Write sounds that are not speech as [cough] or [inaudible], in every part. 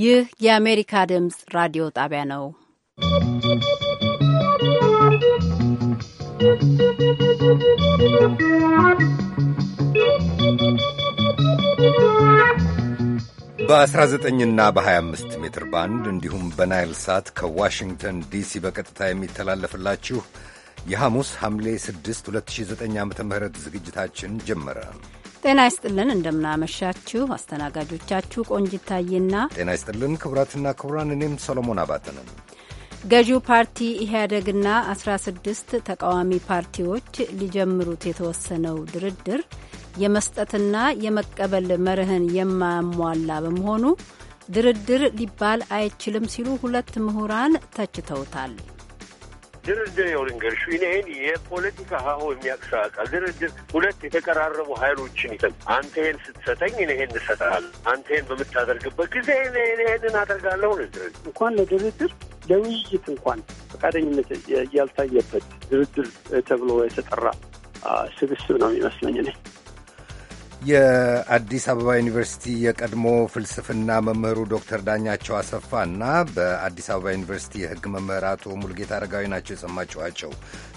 ይህ የአሜሪካ ድምፅ ራዲዮ ጣቢያ ነው። በ19ና በ25 ሜትር ባንድ እንዲሁም በናይል ሳት ከዋሽንግተን ዲሲ በቀጥታ የሚተላለፍላችሁ የሐሙስ ሐምሌ 6 2009 ዓ ም ዝግጅታችን ጀመረ። ጤና ይስጥልን እንደምናመሻችሁ። አስተናጋጆቻችሁ ቆንጂት ታዬና ጤና ይስጥልን ክቡራትና ክቡራን፣ እኔም ሰሎሞን አባተ ነው። ገዢው ፓርቲ ኢህአደግና 16 ተቃዋሚ ፓርቲዎች ሊጀምሩት የተወሰነው ድርድር የመስጠትና የመቀበል መርህን የማያሟላ በመሆኑ ድርድር ሊባል አይችልም ሲሉ ሁለት ምሁራን ተችተውታል። ድርድር የውልንገርሹ ይህን የፖለቲካ ሀሆ የሚያቅሳቃ ድርድር ሁለት የተቀራረቡ ሀይሎችን ይጠ አንተ ይህን ስትሰጠኝ እኔ ይህን እሰጥሃለሁ፣ አንተ ይህን በምታደርግበት ጊዜ እኔ ይህንን አደርጋለሁ። ድርድር እንኳን ለድርድር ለውይይት እንኳን ፈቃደኝነት ያልታየበት ድርድር ተብሎ የተጠራ ስብስብ ነው የሚመስለኝ እኔ። የአዲስ አበባ ዩኒቨርሲቲ የቀድሞ ፍልስፍና መምህሩ ዶክተር ዳኛቸው አሰፋ እና በአዲስ አበባ ዩኒቨርሲቲ የሕግ መምህር አቶ ሙልጌታ አረጋዊ ናቸው የሰማችኋቸው።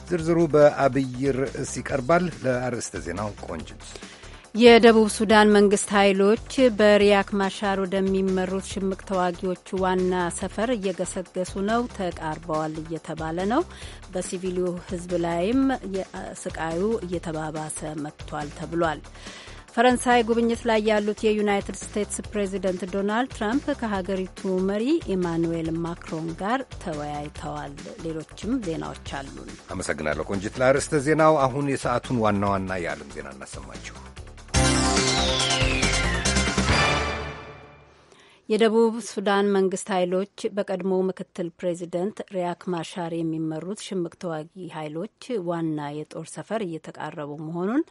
ዝርዝሩ በአብይ ርዕስ ይቀርባል። ለአርዕስተ ዜናው ቆንጅት የደቡብ ሱዳን መንግስት ኃይሎች በሪያክ ማሻር ወደሚመሩት ሽምቅ ተዋጊዎቹ ዋና ሰፈር እየገሰገሱ ነው፣ ተቃርበዋል እየተባለ ነው። በሲቪሉ ህዝብ ላይም ስቃዩ እየተባባሰ መጥቷል ተብሏል። ፈረንሳይ ጉብኝት ላይ ያሉት የዩናይትድ ስቴትስ ፕሬዚደንት ዶናልድ ትራምፕ ከሀገሪቱ መሪ ኢማኑዌል ማክሮን ጋር ተወያይተዋል። ሌሎችም ዜናዎች አሉን። አመሰግናለሁ ቆንጂት። ለአርዕስተ ዜናው አሁን የሰዓቱን ዋና ዋና የዓለም ዜና እናሰማችሁ። የደቡብ ሱዳን መንግስት ኃይሎች በቀድሞ ምክትል ፕሬዚደንት ሪያክ ማሻር የሚመሩት ሽምቅ ተዋጊ ኃይሎች ዋና የጦር ሰፈር እየተቃረቡ መሆኑን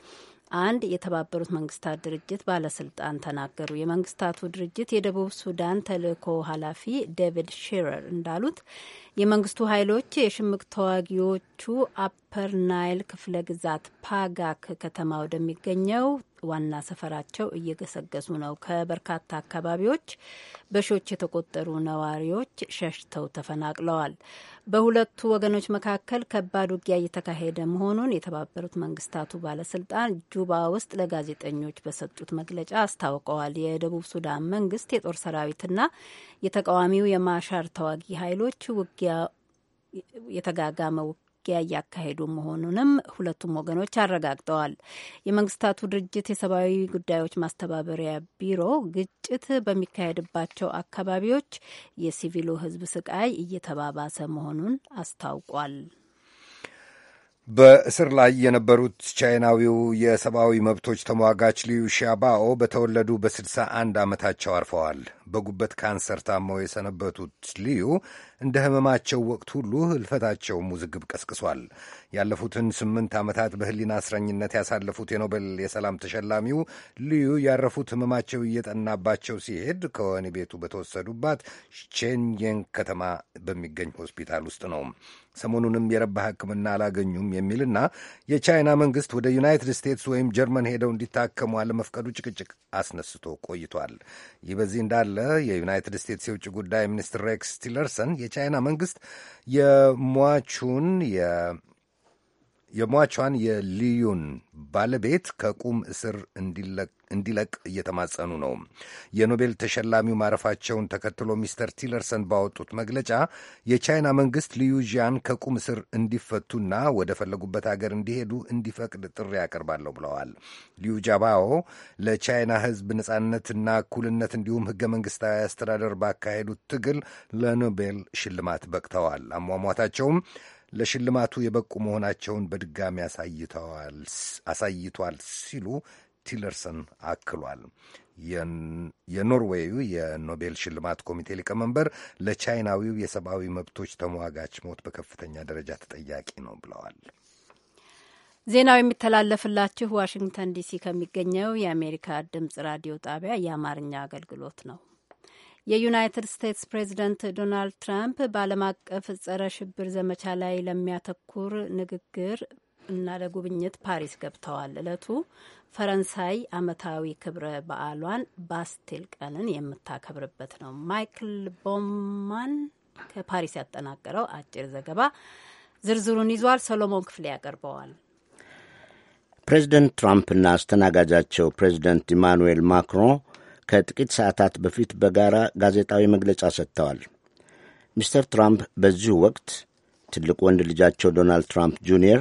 አንድ የተባበሩት መንግስታት ድርጅት ባለስልጣን ተናገሩ። የመንግስታቱ ድርጅት የደቡብ ሱዳን ተልእኮ ኃላፊ ዴቪድ ሺረር እንዳሉት የመንግስቱ ኃይሎች የሽምቅ ተዋጊዎቹ አፐር ናይል ክፍለ ግዛት ፓጋክ ከተማ ወደሚገኘው ዋና ሰፈራቸው እየገሰገሱ ነው። ከበርካታ አካባቢዎች በሺዎች የተቆጠሩ ነዋሪዎች ሸሽተው ተፈናቅለዋል። በሁለቱ ወገኖች መካከል ከባድ ውጊያ እየተካሄደ መሆኑን የተባበሩት መንግስታቱ ባለስልጣን ጁባ ውስጥ ለጋዜጠኞች በሰጡት መግለጫ አስታውቀዋል። የደቡብ ሱዳን መንግስት የጦር ሰራዊትና የተቃዋሚው የማሻር ተዋጊ ኃይሎች ውጊያ የተጋጋመ ውጊያ እያካሄዱ መሆኑንም ሁለቱም ወገኖች አረጋግጠዋል። የመንግስታቱ ድርጅት የሰብአዊ ጉዳዮች ማስተባበሪያ ቢሮ ግጭት በሚካሄድባቸው አካባቢዎች የሲቪሉ ሕዝብ ስቃይ እየተባባሰ መሆኑን አስታውቋል። በእስር ላይ የነበሩት ቻይናዊው የሰብአዊ መብቶች ተሟጋች ሊዩ ሻባኦ በተወለዱ በ አንድ ዓመታቸው አርፈዋል። በጉበት ካንሰር ታመው የሰነበቱት ልዩ እንደ ህመማቸው ወቅት ሁሉ ህልፈታቸው ውዝግብ ቀስቅሷል። ያለፉትን ስምንት ዓመታት በህሊና እስረኝነት ያሳለፉት የኖቤል የሰላም ተሸላሚው ልዩ ያረፉት ህመማቸው እየጠናባቸው ሲሄድ ከወህኒ ቤቱ በተወሰዱባት ቼንየን ከተማ በሚገኝ ሆስፒታል ውስጥ ነው። ሰሞኑንም የረባ ሕክምና አላገኙም የሚልና የቻይና መንግስት ወደ ዩናይትድ ስቴትስ ወይም ጀርመን ሄደው እንዲታከሙ አለመፍቀዱ ጭቅጭቅ አስነስቶ ቆይቷል። ይህ በዚህ እንዳለ እንዳለ የዩናይትድ ስቴትስ የውጭ ጉዳይ ሚኒስትር ሬክስ ቲለርሰን የቻይና መንግስት የሟቹን የሟቿን የልዩን ባለቤት ከቁም እስር እንዲለቅ እንዲለቅ እየተማጸኑ ነው። የኖቤል ተሸላሚው ማረፋቸውን ተከትሎ ሚስተር ቲለርሰን ባወጡት መግለጫ የቻይና መንግስት ሊዩዥያን ከቁም እስር እንዲፈቱና ወደ ፈለጉበት ሀገር እንዲሄዱ እንዲፈቅድ ጥሪ ያቀርባለሁ ብለዋል። ሊዩ ጃባኦ ለቻይና ህዝብ ነጻነትና እኩልነት እንዲሁም ህገ መንግስታዊ አስተዳደር ባካሄዱት ትግል ለኖቤል ሽልማት በቅተዋል። አሟሟታቸውም ለሽልማቱ የበቁ መሆናቸውን በድጋሚ አሳይተዋል አሳይቷል ሲሉ ቲለርሰን አክሏል። የኖርዌዩ የኖቤል ሽልማት ኮሚቴ ሊቀመንበር ለቻይናዊው የሰብአዊ መብቶች ተሟጋች ሞት በከፍተኛ ደረጃ ተጠያቂ ነው ብለዋል። ዜናው የሚተላለፍላችሁ ዋሽንግተን ዲሲ ከሚገኘው የአሜሪካ ድምጽ ራዲዮ ጣቢያ የአማርኛ አገልግሎት ነው። የዩናይትድ ስቴትስ ፕሬዚደንት ዶናልድ ትራምፕ በዓለም አቀፍ ጸረ ሽብር ዘመቻ ላይ ለሚያተኩር ንግግር እና ለጉብኝት ፓሪስ ገብተዋል። እለቱ ፈረንሳይ አመታዊ ክብረ በዓሏን ባስቴል ቀንን የምታከብርበት ነው። ማይክል ቦማን ከፓሪስ ያጠናቀረው አጭር ዘገባ ዝርዝሩን ይዟል። ሰሎሞን ክፍሌ ያቀርበዋል። ፕሬዚደንት ትራምፕና አስተናጋጃቸው ፕሬዚደንት ኢማኑኤል ማክሮን ከጥቂት ሰዓታት በፊት በጋራ ጋዜጣዊ መግለጫ ሰጥተዋል። ሚስተር ትራምፕ በዚሁ ወቅት ትልቁ ወንድ ልጃቸው ዶናልድ ትራምፕ ጁኒየር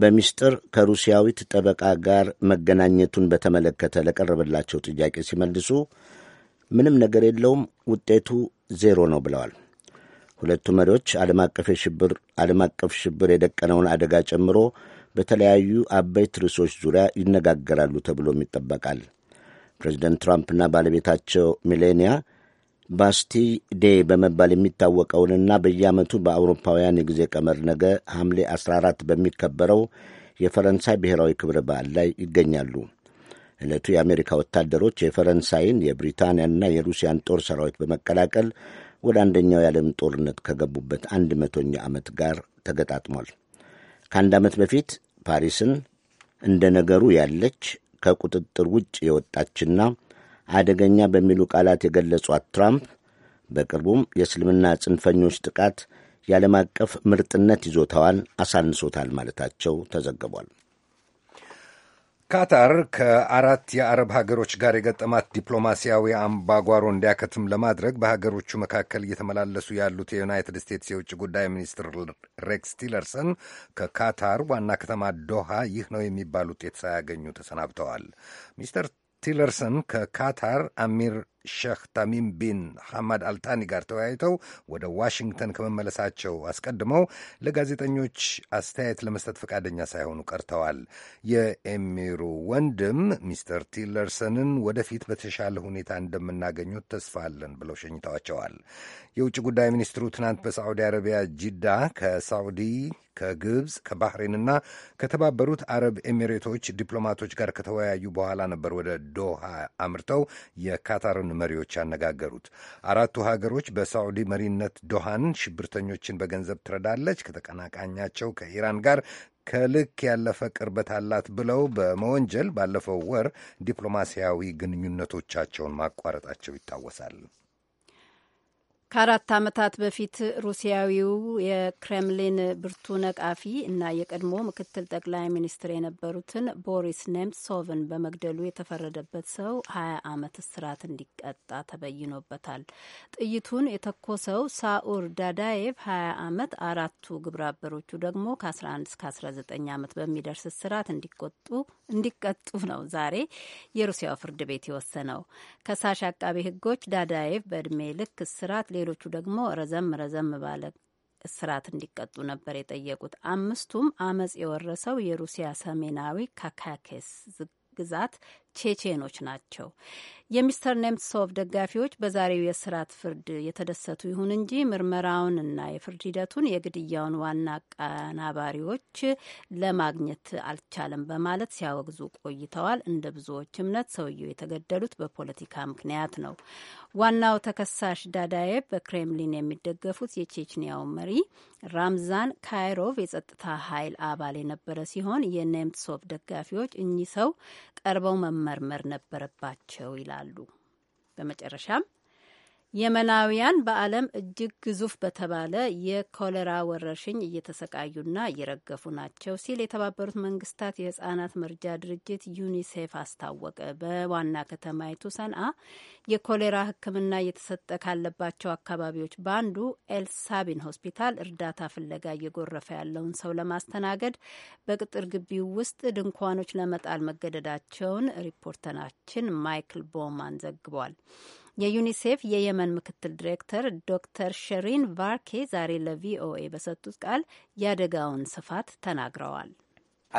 በምስጢር ከሩሲያዊት ጠበቃ ጋር መገናኘቱን በተመለከተ ለቀረበላቸው ጥያቄ ሲመልሱ ምንም ነገር የለውም፣ ውጤቱ ዜሮ ነው ብለዋል። ሁለቱ መሪዎች ዓለም አቀፍ ሽብር ዓለም አቀፍ ሽብር የደቀነውን አደጋ ጨምሮ በተለያዩ አበይት ርዕሶች ዙሪያ ይነጋገራሉ ተብሎም ይጠበቃል። ፕሬዚደንት ትራምፕና ባለቤታቸው ሚሌኒያ ባስቲ ዴ በመባል የሚታወቀውንና በየዓመቱ በአውሮፓውያን የጊዜ ቀመር ነገ ሐምሌ 14 በሚከበረው የፈረንሳይ ብሔራዊ ክብረ በዓል ላይ ይገኛሉ። ዕለቱ የአሜሪካ ወታደሮች የፈረንሳይን የብሪታንያንና የሩሲያን ጦር ሰራዊት በመቀላቀል ወደ አንደኛው የዓለም ጦርነት ከገቡበት አንድ መቶኛ ዓመት ጋር ተገጣጥሟል። ከአንድ ዓመት በፊት ፓሪስን እንደ ነገሩ ያለች ከቁጥጥር ውጭ የወጣችና አደገኛ በሚሉ ቃላት የገለጿት ትራምፕ በቅርቡም የእስልምና ጽንፈኞች ጥቃት የዓለም አቀፍ ምርጥነት ይዞታዋን አሳንሶታል ማለታቸው ተዘግቧል። ካታር ከአራት የአረብ ሀገሮች ጋር የገጠማት ዲፕሎማሲያዊ አምባጓሮ እንዲያከትም ለማድረግ በሀገሮቹ መካከል እየተመላለሱ ያሉት የዩናይትድ ስቴትስ የውጭ ጉዳይ ሚኒስትር ሬክስ ቲለርሰን ከካታር ዋና ከተማ ዶሃ ይህ ነው የሚባል ውጤት ሳያገኙ ተሰናብተዋል። ሚስተር ቲለርሰን ከካታር አሚር ሼህ ታሚም ቢን ሐማድ አልታኒ ጋር ተወያይተው ወደ ዋሽንግተን ከመመለሳቸው አስቀድመው ለጋዜጠኞች አስተያየት ለመስጠት ፈቃደኛ ሳይሆኑ ቀርተዋል። የኤሚሩ ወንድም ሚስተር ቲለርሰንን ወደፊት በተሻለ ሁኔታ እንደምናገኙት ተስፋ አለን ብለው ሸኝተዋቸዋል። የውጭ ጉዳይ ሚኒስትሩ ትናንት በሳዑዲ አረቢያ ጅዳ ከሳዑዲ ከግብፅ ከባህሬንና ከተባበሩት አረብ ኤሚሬቶች ዲፕሎማቶች ጋር ከተወያዩ በኋላ ነበር ወደ ዶሃ አምርተው የካታርን መሪዎች ያነጋገሩት። አራቱ ሀገሮች በሳዑዲ መሪነት ዶሃን ሽብርተኞችን በገንዘብ ትረዳለች፣ ከተቀናቃኛቸው ከኢራን ጋር ከልክ ያለፈ ቅርበት አላት ብለው በመወንጀል ባለፈው ወር ዲፕሎማሲያዊ ግንኙነቶቻቸውን ማቋረጣቸው ይታወሳል። ከአራት ዓመታት በፊት ሩሲያዊው የክሬምሊን ብርቱ ነቃፊ እና የቀድሞ ምክትል ጠቅላይ ሚኒስትር የነበሩትን ቦሪስ ኔምሶቭን በመግደሉ የተፈረደበት ሰው ሀያ ዓመት እስራት እንዲቀጣ ተበይኖበታል። ጥይቱን የተኮሰው ሳኡር ዳዳየቭ ሀያ ዓመት አራቱ ግብረአበሮቹ ደግሞ ከ11 እስከ 19 ዓመት በሚደርስ እስራት እንዲቆጡ እንዲቀጡ ነው ዛሬ የሩሲያው ፍርድ ቤት የወሰነው። ከሳሽ አቃቤ ሕጎች ዳዳየቭ በእድሜ ልክ እስራት ሌሎቹ ደግሞ ረዘም ረዘም ባለ እስራት እንዲቀጡ ነበር የጠየቁት። አምስቱም አመፅ የወረሰው የሩሲያ ሰሜናዊ ካካኬስ ግዛት ቼቼኖች ናቸው። የሚስተር ኔምትሶቭ ደጋፊዎች በዛሬው የስራት ፍርድ የተደሰቱ ይሁን እንጂ ምርመራውንና የፍርድ ሂደቱን የግድያውን ዋና አቀናባሪዎች ለማግኘት አልቻለም በማለት ሲያወግዙ ቆይተዋል። እንደ ብዙዎች እምነት ሰውየው የተገደሉት በፖለቲካ ምክንያት ነው። ዋናው ተከሳሽ ዳዳዬቭ በክሬምሊን የሚደገፉት የቼችኒያው መሪ ራምዛን ካይሮቭ የጸጥታ ኃይል አባል የነበረ ሲሆን የኔምትሶቭ ደጋፊዎች እኚህ ሰው ቀርበው መመርመር ነበረባቸው ይላል። ይላሉ። በመጨረሻም የመናውያን በዓለም እጅግ ግዙፍ በተባለ የኮሌራ ወረርሽኝ እየተሰቃዩና እየረገፉ ናቸው ሲል የተባበሩት መንግስታት የህጻናት መርጃ ድርጅት ዩኒሴፍ አስታወቀ። በዋና ከተማይቱ ሰንአ የኮሌራ ሕክምና እየተሰጠ ካለባቸው አካባቢዎች በአንዱ ኤልሳቢን ሆስፒታል እርዳታ ፍለጋ እየጎረፈ ያለውን ሰው ለማስተናገድ በቅጥር ግቢው ውስጥ ድንኳኖች ለመጣል መገደዳቸውን ሪፖርተራችን ማይክል ቦማን ዘግቧል። የዩኒሴፍ የየመን ምክትል ዲሬክተር ዶክተር ሸሪን ቫርኬ ዛሬ ለቪኦኤ በሰጡት ቃል የአደጋውን ስፋት ተናግረዋል።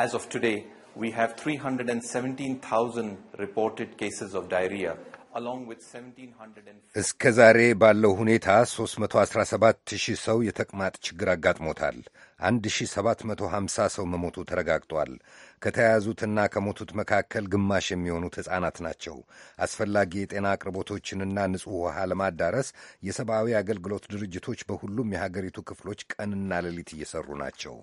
As of today, we have 317,000 reported cases of diarrhea. እስከ ዛሬ ባለው ሁኔታ 317 ሺህ ሰው የተቅማጥ ችግር አጋጥሞታል። 1750 ሰው መሞቱ ተረጋግጧል። ከተያያዙትና ከሞቱት መካከል ግማሽ የሚሆኑት ሕፃናት ናቸው። አስፈላጊ የጤና አቅርቦቶችንና ንጹሕ ውሃ ለማዳረስ የሰብአዊ አገልግሎት ድርጅቶች በሁሉም የሀገሪቱ ክፍሎች ቀንና ሌሊት እየሰሩ ናቸው።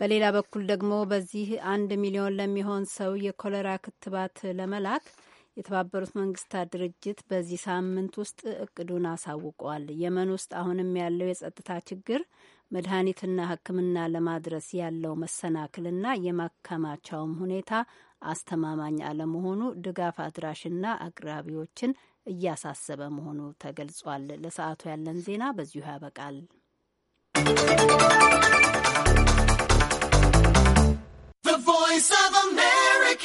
በሌላ በኩል ደግሞ በዚህ አንድ ሚሊዮን ለሚሆን ሰው የኮለራ ክትባት ለመላክ የተባበሩት መንግስታት ድርጅት በዚህ ሳምንት ውስጥ እቅዱን አሳውቋል። የመን ውስጥ አሁንም ያለው የጸጥታ ችግር መድኃኒትና ሕክምና ለማድረስ ያለው መሰናክልና የማከማቻውም ሁኔታ አስተማማኝ አለመሆኑ ድጋፍ አድራሽና አቅራቢዎችን እያሳሰበ መሆኑ ተገልጿል። ለሰዓቱ ያለን ዜና በዚሁ ያበቃል። ቮይስ ኦፍ አሜሪካ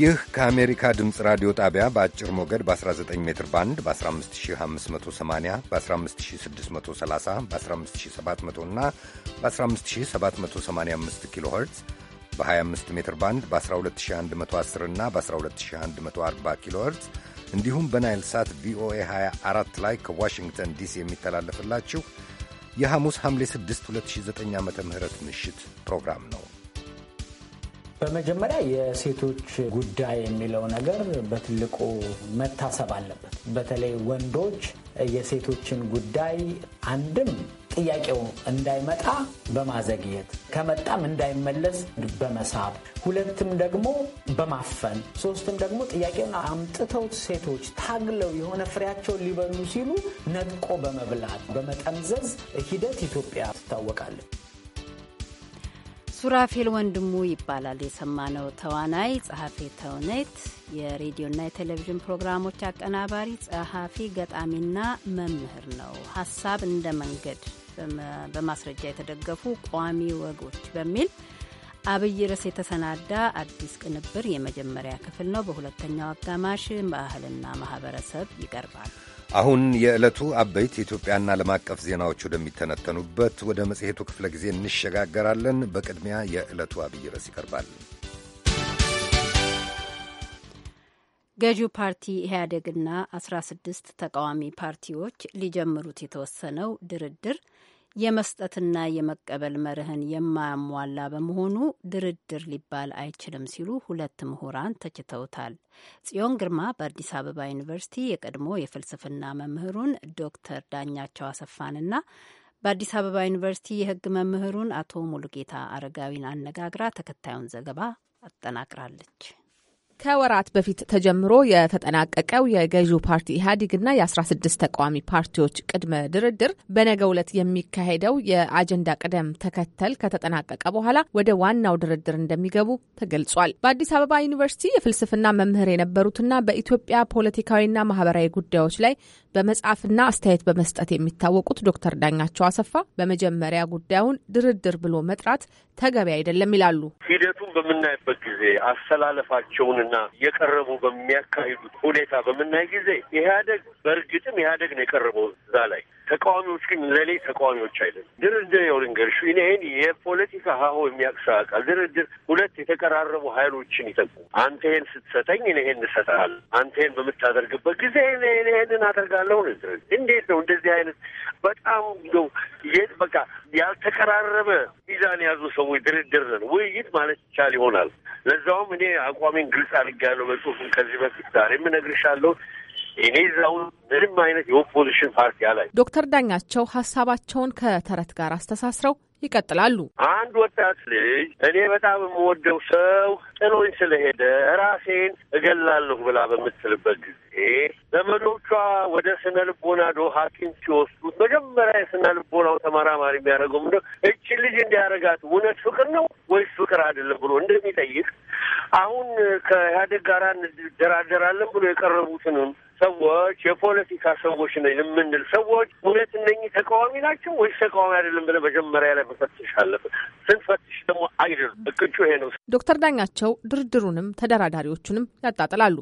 ይህ ከአሜሪካ ድምፅ ራዲዮ ጣቢያ በአጭር ሞገድ በ19 ሜትር ባንድ በ15580 በ15630 በ15700 እና በ15785 ኪሎ ኸርትዝ በ25 ሜትር ባንድ በ12110 እና በ12140 ኪሎ ኸርትዝ እንዲሁም በናይል ሳት ቪኦኤ 24 ላይ ከዋሽንግተን ዲሲ የሚተላለፍላችሁ የሐሙስ ሐምሌ 6 2009 ዓ ም ምሽት ፕሮግራም ነው። በመጀመሪያ የሴቶች ጉዳይ የሚለው ነገር በትልቁ መታሰብ አለበት። በተለይ ወንዶች የሴቶችን ጉዳይ አንድም ጥያቄው እንዳይመጣ በማዘግየት ከመጣም እንዳይመለስ በመሳብ ሁለትም ደግሞ በማፈን ሶስትም ደግሞ ጥያቄውን አምጥተው ሴቶች ታግለው የሆነ ፍሬያቸውን ሊበሉ ሲሉ ነጥቆ በመብላት በመጠምዘዝ ሂደት ኢትዮጵያ ትታወቃለች። ሱራፌል ወንድሙ ይባላል የሰማነው ተዋናይ፣ ጸሐፊ ተውኔት፣ የሬዲዮና የቴሌቪዥን ፕሮግራሞች አቀናባሪ፣ ጸሐፊ፣ ገጣሚና መምህር ነው። ሀሳብ እንደ መንገድ በማስረጃ የተደገፉ ቋሚ ወጎች በሚል አብይ ርዕስ የተሰናዳ አዲስ ቅንብር የመጀመሪያ ክፍል ነው። በሁለተኛው አጋማሽ ባህልና ማህበረሰብ ይቀርባል። አሁን የዕለቱ አበይት የኢትዮጵያና ዓለም አቀፍ ዜናዎች ወደሚተነተኑበት ወደ መጽሔቱ ክፍለ ጊዜ እንሸጋገራለን። በቅድሚያ የዕለቱ አብይ ርዕስ ይቀርባል። ገዢው ፓርቲ ኢህአዴግና 16 ተቃዋሚ ፓርቲዎች ሊጀምሩት የተወሰነው ድርድር የመስጠትና የመቀበል መርህን የማያሟላ በመሆኑ ድርድር ሊባል አይችልም ሲሉ ሁለት ምሁራን ተችተውታል። ጽዮን ግርማ በአዲስ አበባ ዩኒቨርሲቲ የቀድሞ የፍልስፍና መምህሩን ዶክተር ዳኛቸው አሰፋንና በአዲስ አበባ ዩኒቨርሲቲ የሕግ መምህሩን አቶ ሙሉጌታ አረጋዊን አነጋግራ ተከታዩን ዘገባ አጠናቅራለች። ከወራት በፊት ተጀምሮ የተጠናቀቀው የገዢው ፓርቲ ኢህአዴግና የ16 ተቃዋሚ ፓርቲዎች ቅድመ ድርድር በነገ ዕለት የሚካሄደው የአጀንዳ ቅደም ተከተል ከተጠናቀቀ በኋላ ወደ ዋናው ድርድር እንደሚገቡ ተገልጿል። በአዲስ አበባ ዩኒቨርሲቲ የፍልስፍና መምህር የነበሩትና በኢትዮጵያ ፖለቲካዊና ማህበራዊ ጉዳዮች ላይ በመጻፍና አስተያየት በመስጠት የሚታወቁት ዶክተር ዳኛቸው አሰፋ በመጀመሪያ ጉዳዩን ድርድር ብሎ መጥራት ተገቢ አይደለም ይላሉ። ሂደቱን በምናይበት ጊዜ አሰላለፋቸውንና የቀረቡ በሚያካሂዱት ሁኔታ በምናይ ጊዜ ኢህአደግ በእርግጥም ኢህአደግ ነው የቀረበው እዛ ላይ ተቃዋሚዎች ግን ለሌ ተቃዋሚዎች አይደለም። ድርድር የው ልንገርሽ፣ ይህን የፖለቲካ ሀሆ የሚያቅሳ ድርድር ሁለት የተቀራረቡ ሀይሎችን ይጠቁ። አንተ ይሄን ስትሰጠኝ እኔ ይሄን እሰጥሃለሁ፣ አንተ ይሄን በምታደርግበት ጊዜ እኔ አደርጋለሁ። እንዴት ነው እንደዚህ አይነት በጣም እንደው በቃ ያልተቀራረበ ሚዛን የያዙ ሰዎች ድርድር ነን ውይይት ማለት ይቻል ይሆናል። ለዛውም እኔ አቋሜን ግልጽ አድርጌያለሁ በጽሁፍም ከዚህ በፊት ዛሬም እነግርሻለሁ። እኔ እዛ ውስጥ ምንም አይነት የኦፖዚሽን ፓርቲ አላይ። ዶክተር ዳኛቸው ሀሳባቸውን ከተረት ጋር አስተሳስረው ይቀጥላሉ። አንድ ወጣት ልጅ እኔ በጣም የምወደው ሰው ጥሎኝ ስለሄደ ራሴን እገላለሁ ብላ በምትልበት ጊዜ ዘመዶቿ ወደ ስነ ልቦና ዶ ሐኪም ሲወስዱት መጀመሪያ የስነ ልቦናው ተመራማሪ የሚያደርገው ምንድን ነው እቺ ልጅ እንዲያደርጋት እውነት ፍቅር ነው ወይስ ፍቅር አይደለም ብሎ እንደሚጠይቅ አሁን ከኢህአዴግ ጋር እንደራደራለን ብሎ የቀረቡትንም ሰዎች የፖለቲካ ሰዎች ነ የምንል ሰዎች እውነት እነኚህ ተቃዋሚ ናቸው ወይስ ተቃዋሚ አይደለም ብለህ መጀመሪያ ላይ መፈትሽ አለብን። ስንፈትሽ ደግሞ አይደሉም። እቅጩ ይሄ ነው። ዶክተር ዳኛቸው አብዝተው ድርድሩንም ተደራዳሪዎቹንም ያጣጥላሉ።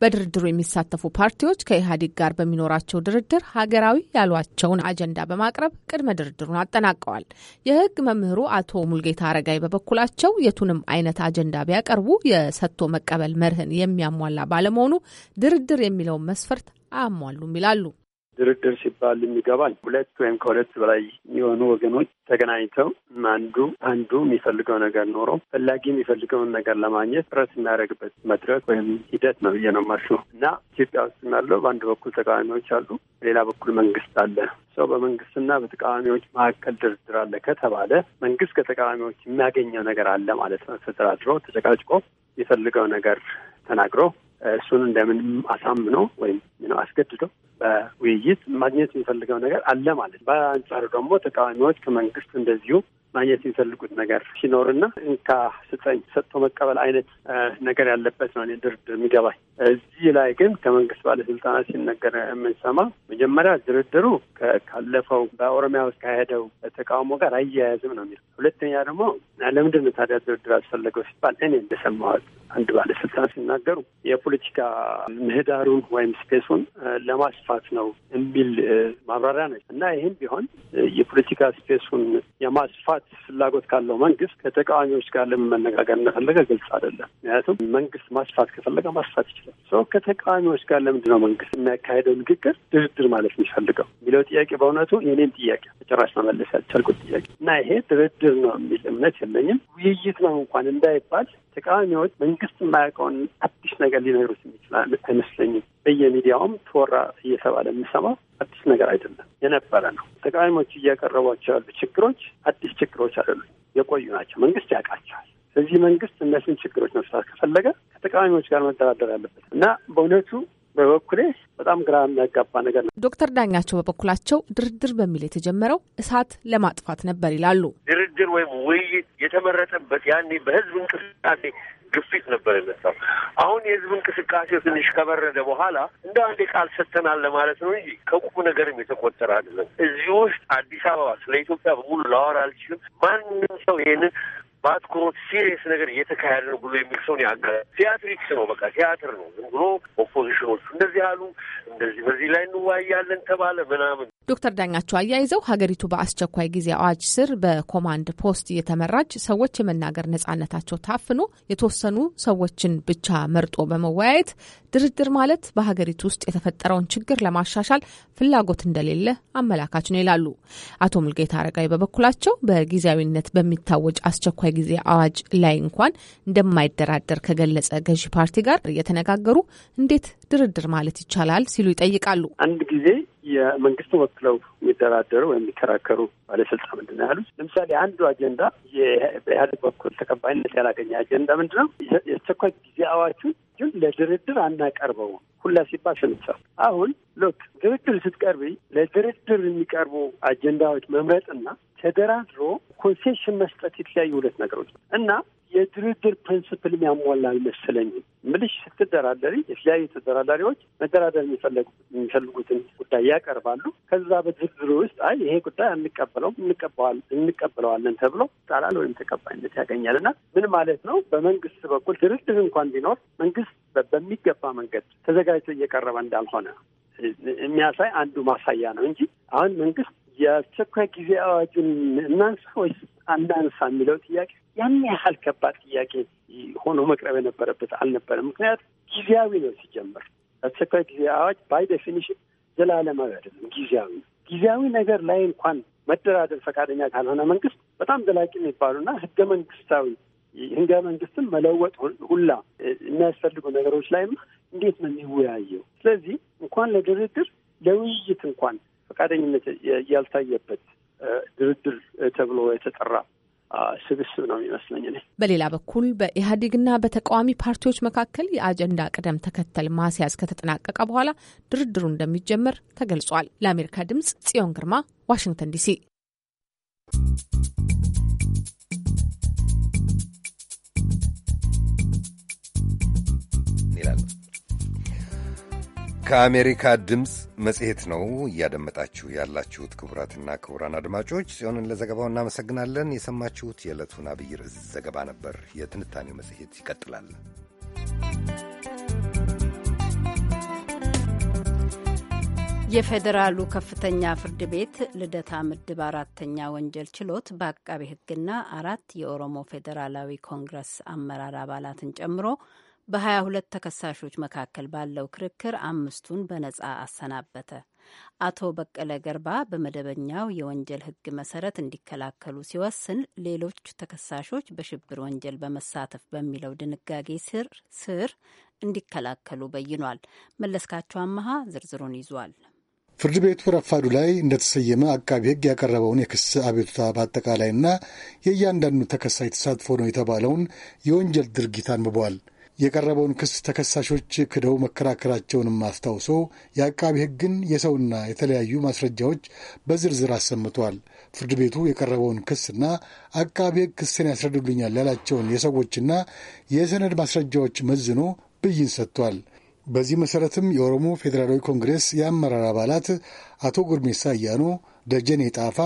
በድርድሩ የሚሳተፉ ፓርቲዎች ከኢህአዴግ ጋር በሚኖራቸው ድርድር ሀገራዊ ያሏቸውን አጀንዳ በማቅረብ ቅድመ ድርድሩን አጠናቀዋል። የህግ መምህሩ አቶ ሙልጌታ አረጋይ በበኩላቸው የቱንም አይነት አጀንዳ ቢያቀርቡ የሰጥቶ መቀበል መርህን የሚያሟላ ባለመሆኑ ድርድር የሚለውን መስፈርት አያሟሉም ይላሉ። ድርድር ሲባል የሚገባል ሁለት ወይም ከሁለት በላይ የሆኑ ወገኖች ተገናኝተው አንዱ አንዱ የሚፈልገው ነገር ኖሮ ፈላጊ የሚፈልገውን ነገር ለማግኘት ጥረት የሚያደርግበት መድረክ ወይም ሂደት ነው ብዬ ነው ማሹ እና ኢትዮጵያ ውስጥ ያለው በአንድ በኩል ተቃዋሚዎች አሉ፣ በሌላ በኩል መንግስት አለ። ሰው በመንግስትና በተቃዋሚዎች መካከል ድርድር አለ ከተባለ መንግስት ከተቃዋሚዎች የሚያገኘው ነገር አለ ማለት ነው። ተደራድሮ ተጨቃጭቆ የሚፈልገው ነገር ተናግሮ እሱን እንደምንም አሳምኖ ወይም አስገድዶ በውይይት ማግኘት የሚፈልገው ነገር አለ ማለት። በአንጻሩ ደግሞ ተቃዋሚዎች ከመንግስት እንደዚሁ ማግኘት የሚፈልጉት ነገር ሲኖርና እንካ ስጠኝ ሰጥቶ መቀበል አይነት ነገር ያለበት ነው ድርድር የሚገባኝ። እዚህ ላይ ግን ከመንግስት ባለስልጣናት ሲነገር የምንሰማ መጀመሪያ ድርድሩ ካለፈው በኦሮሚያ ውስጥ ካሄደው ተቃውሞ ጋር አያያዝም ነው የሚለው። ሁለተኛ ደግሞ ለምንድን ነው ታዲያ ድርድር አስፈለገው ሲባል እኔ እንደሰማሁት አንድ ባለስልጣን ሲናገሩ የፖለቲካ ምህዳሩን ወይም ስፔሱን ለማስፋት ነው የሚል ማብራሪያ ነች እና ይህም ቢሆን የፖለቲካ ስፔሱን የማስፋት የመፍታት ፍላጎት ካለው መንግስት ከተቃዋሚዎች ጋር ለምን መነጋገር እንደፈለገ ግልጽ አይደለም። ምክንያቱም መንግስት ማስፋት ከፈለገ ማስፋት ይችላል። ሰው ከተቃዋሚዎች ጋር ለምንድነው መንግስት የሚያካሄደው ንግግር ድርድር ማለት የሚፈልገው የሚለው ጥያቄ በእውነቱ የኔም ጥያቄ ተጨራሽ መመለስ ያልቻልኩት ጥያቄ እና ይሄ ድርድር ነው የሚል እምነት የለኝም። ውይይት ነው እንኳን እንዳይባል ተቃዋሚዎች መንግስት የማያውቀውን አዲስ ነገር ሊነግሩት የሚችል አይመስለኝም። በየሚዲያውም ተወራ እየተባለ የምሰማው አዲስ ነገር አይደለም፣ የነበረ ነው። ተቃዋሚዎች እያቀረቧቸው ያሉ ችግሮች አዲስ ችግሮች አይደሉም፣ የቆዩ ናቸው። መንግስት ያውቃቸዋል። ስለዚህ መንግስት እነሱን ችግሮች መፍታት ከፈለገ ከተቃዋሚዎች ጋር መደራደር ያለበት እና በእውነቱ በበኩሌ በጣም ግራ የሚያጋባ ነገር ነው። ዶክተር ዳኛቸው በበኩላቸው ድርድር በሚል የተጀመረው እሳት ለማጥፋት ነበር ይላሉ። ድርድር ወይም ውይይት የተመረጠበት ያኔ በህዝብ እንቅስቃሴ ግፊት ነበር የመጣው። አሁን የህዝብ እንቅስቃሴ ትንሽ ከበረደ በኋላ እንደ አንዴ ቃል ሰጥተናል ለማለት ነው እንጂ ከቁም ነገርም የተቆጠረ አይደለም። እዚህ ውስጥ አዲስ አበባ ስለ ኢትዮጵያ በሙሉ ላወራ አልችልም። ማንም ሰው ይሄንን በአትኩሮት ሲሪየስ ነገር እየተካሄደ ነው ብሎ የሚል ሰውን ያጋ ቲያትሪክስ ነው። በቃ ቲያትር ነው ዝም ብሎ ኦፖዚሽኖቹ እንደዚህ አሉ፣ እንደዚህ በዚህ ላይ እንዋያለን ተባለ ምናምን። ዶክተር ዳኛቸው አያይዘው ሀገሪቱ በአስቸኳይ ጊዜ አዋጅ ስር በኮማንድ ፖስት እየተመራች ሰዎች የመናገር ነጻነታቸው ታፍኖ የተወሰኑ ሰዎችን ብቻ መርጦ በመወያየት ድርድር ማለት በሀገሪቱ ውስጥ የተፈጠረውን ችግር ለማሻሻል ፍላጎት እንደሌለ አመላካች ነው ይላሉ አቶ ሙልጌታ አረጋዊ። በበኩላቸው በጊዜያዊነት በሚታወጅ አስቸኳይ ጊዜ አዋጅ ላይ እንኳን እንደማይደራደር ከገለጸ ገዢ ፓርቲ ጋር እየተነጋገሩ እንዴት ድርድር ማለት ይቻላል ሲሉ ይጠይቃሉ። አንድ ጊዜ የመንግስት ወክለው የሚደራደሩ ወይም የሚከራከሩ ባለስልጣን ምንድን ነው ያሉት? ለምሳሌ አንዱ አጀንዳ በኢህአዴግ በኩል ተቀባይነት ያላገኘ አጀንዳ ምንድን ነው? የአስቸኳይ ጊዜ አዋጁን ለድርድር አናቀርበውም ሁላ ሲባል ሰምቻል። አሁን ሎክ ድርድር ስትቀርቢ ለድርድር የሚቀርቡ አጀንዳዎች መምረጥና ተደራድሮ ኮንሴሽን መስጠት የተለያዩ ሁለት ነገሮች እና የድርድር ፕሪንስፕል ያሟላ አልመሰለኝም። ምልሽ ስትደራደሪ የተለያዩ ተደራዳሪዎች መደራደር የሚፈልጉትን ጉዳይ ያቀርባሉ። ከዛ በድርድሩ ውስጥ አይ ይሄ ጉዳይ አንቀበለውም እንቀበለዋለን ተብሎ ጣላል ወይም ተቀባይነት ያገኛል እና ምን ማለት ነው? በመንግስት በኩል ድርድር እንኳን ቢኖር መንግስት በሚገባ መንገድ ተዘጋጅቶ እየቀረበ እንዳልሆነ የሚያሳይ አንዱ ማሳያ ነው እንጂ አሁን መንግስት የአስቸኳይ ጊዜ አዋጁን እናንሳ ወይስ አናንሳ የሚለው ጥያቄ ያን ያህል ከባድ ጥያቄ ሆኖ መቅረብ የነበረበት አልነበረም። ምክንያት ጊዜያዊ ነው ሲጀምር አስቸኳይ ጊዜ አዋጅ ባይ ዴፊኒሽን ዘላለማዊ አይደለም፣ ጊዜያዊ ነው። ጊዜያዊ ነገር ላይ እንኳን መደራደር ፈቃደኛ ካልሆነ መንግስት በጣም ዘላቂ የሚባሉና ህገ መንግስታዊ ህገ መንግስትን መለወጥ ሁላ የሚያስፈልጉ ነገሮች ላይማ እንዴት ነው የሚወያየው? ስለዚህ እንኳን ለድርድር ለውይይት እንኳን ፈቃደኝነት ያልታየበት ድርድር ተብሎ የተጠራ ስብስብ ነው የሚመስለኝ። እኔ በሌላ በኩል በኢህአዴግና በተቃዋሚ ፓርቲዎች መካከል የአጀንዳ ቅደም ተከተል ማስያዝ ከተጠናቀቀ በኋላ ድርድሩ እንደሚጀመር ተገልጿል። ለአሜሪካ ድምጽ ጽዮን ግርማ፣ ዋሽንግተን ዲሲ። ይላል ከአሜሪካ ድምፅ መጽሔት ነው እያደመጣችሁ ያላችሁት። ክቡራትና ክቡራን አድማጮች ጽዮንን ለዘገባው እናመሰግናለን። የሰማችሁት የዕለቱን አብይ ርዕስ ዘገባ ነበር። የትንታኔው መጽሔት ይቀጥላል። የፌዴራሉ ከፍተኛ ፍርድ ቤት ልደታ ምድብ አራተኛ ወንጀል ችሎት በአቃቤ ሕግና አራት የኦሮሞ ፌዴራላዊ ኮንግረስ አመራር አባላትን ጨምሮ በ22 ተከሳሾች መካከል ባለው ክርክር አምስቱን በነጻ አሰናበተ። አቶ በቀለ ገርባ በመደበኛው የወንጀል ሕግ መሰረት እንዲከላከሉ ሲወስን፣ ሌሎች ተከሳሾች በሽብር ወንጀል በመሳተፍ በሚለው ድንጋጌ ስር ስር እንዲከላከሉ በይኗል። መለስካቸው አመሃ ዝርዝሩን ይዟል። ፍርድ ቤቱ ረፋዱ ላይ እንደተሰየመ አቃቢ ሕግ ያቀረበውን የክስ አቤቱታ በአጠቃላይና የእያንዳንዱ ተከሳሽ ተሳትፎ ነው የተባለውን የወንጀል ድርጊት አንብቧል። የቀረበውን ክስ ተከሳሾች ክደው መከራከራቸውንም አስታውሶ የአቃቢ ሕግን የሰውና የተለያዩ ማስረጃዎች በዝርዝር አሰምቷል። ፍርድ ቤቱ የቀረበውን ክስና አቃቢ ሕግ ክስን ያስረዱልኛል ያላቸውን የሰዎችና የሰነድ ማስረጃዎች መዝኖ ብይን ሰጥቷል። በዚህ መሠረትም የኦሮሞ ፌዴራላዊ ኮንግሬስ የአመራር አባላት አቶ ጉርሜሳ አያኖ፣ ደጀኔ ጣፋ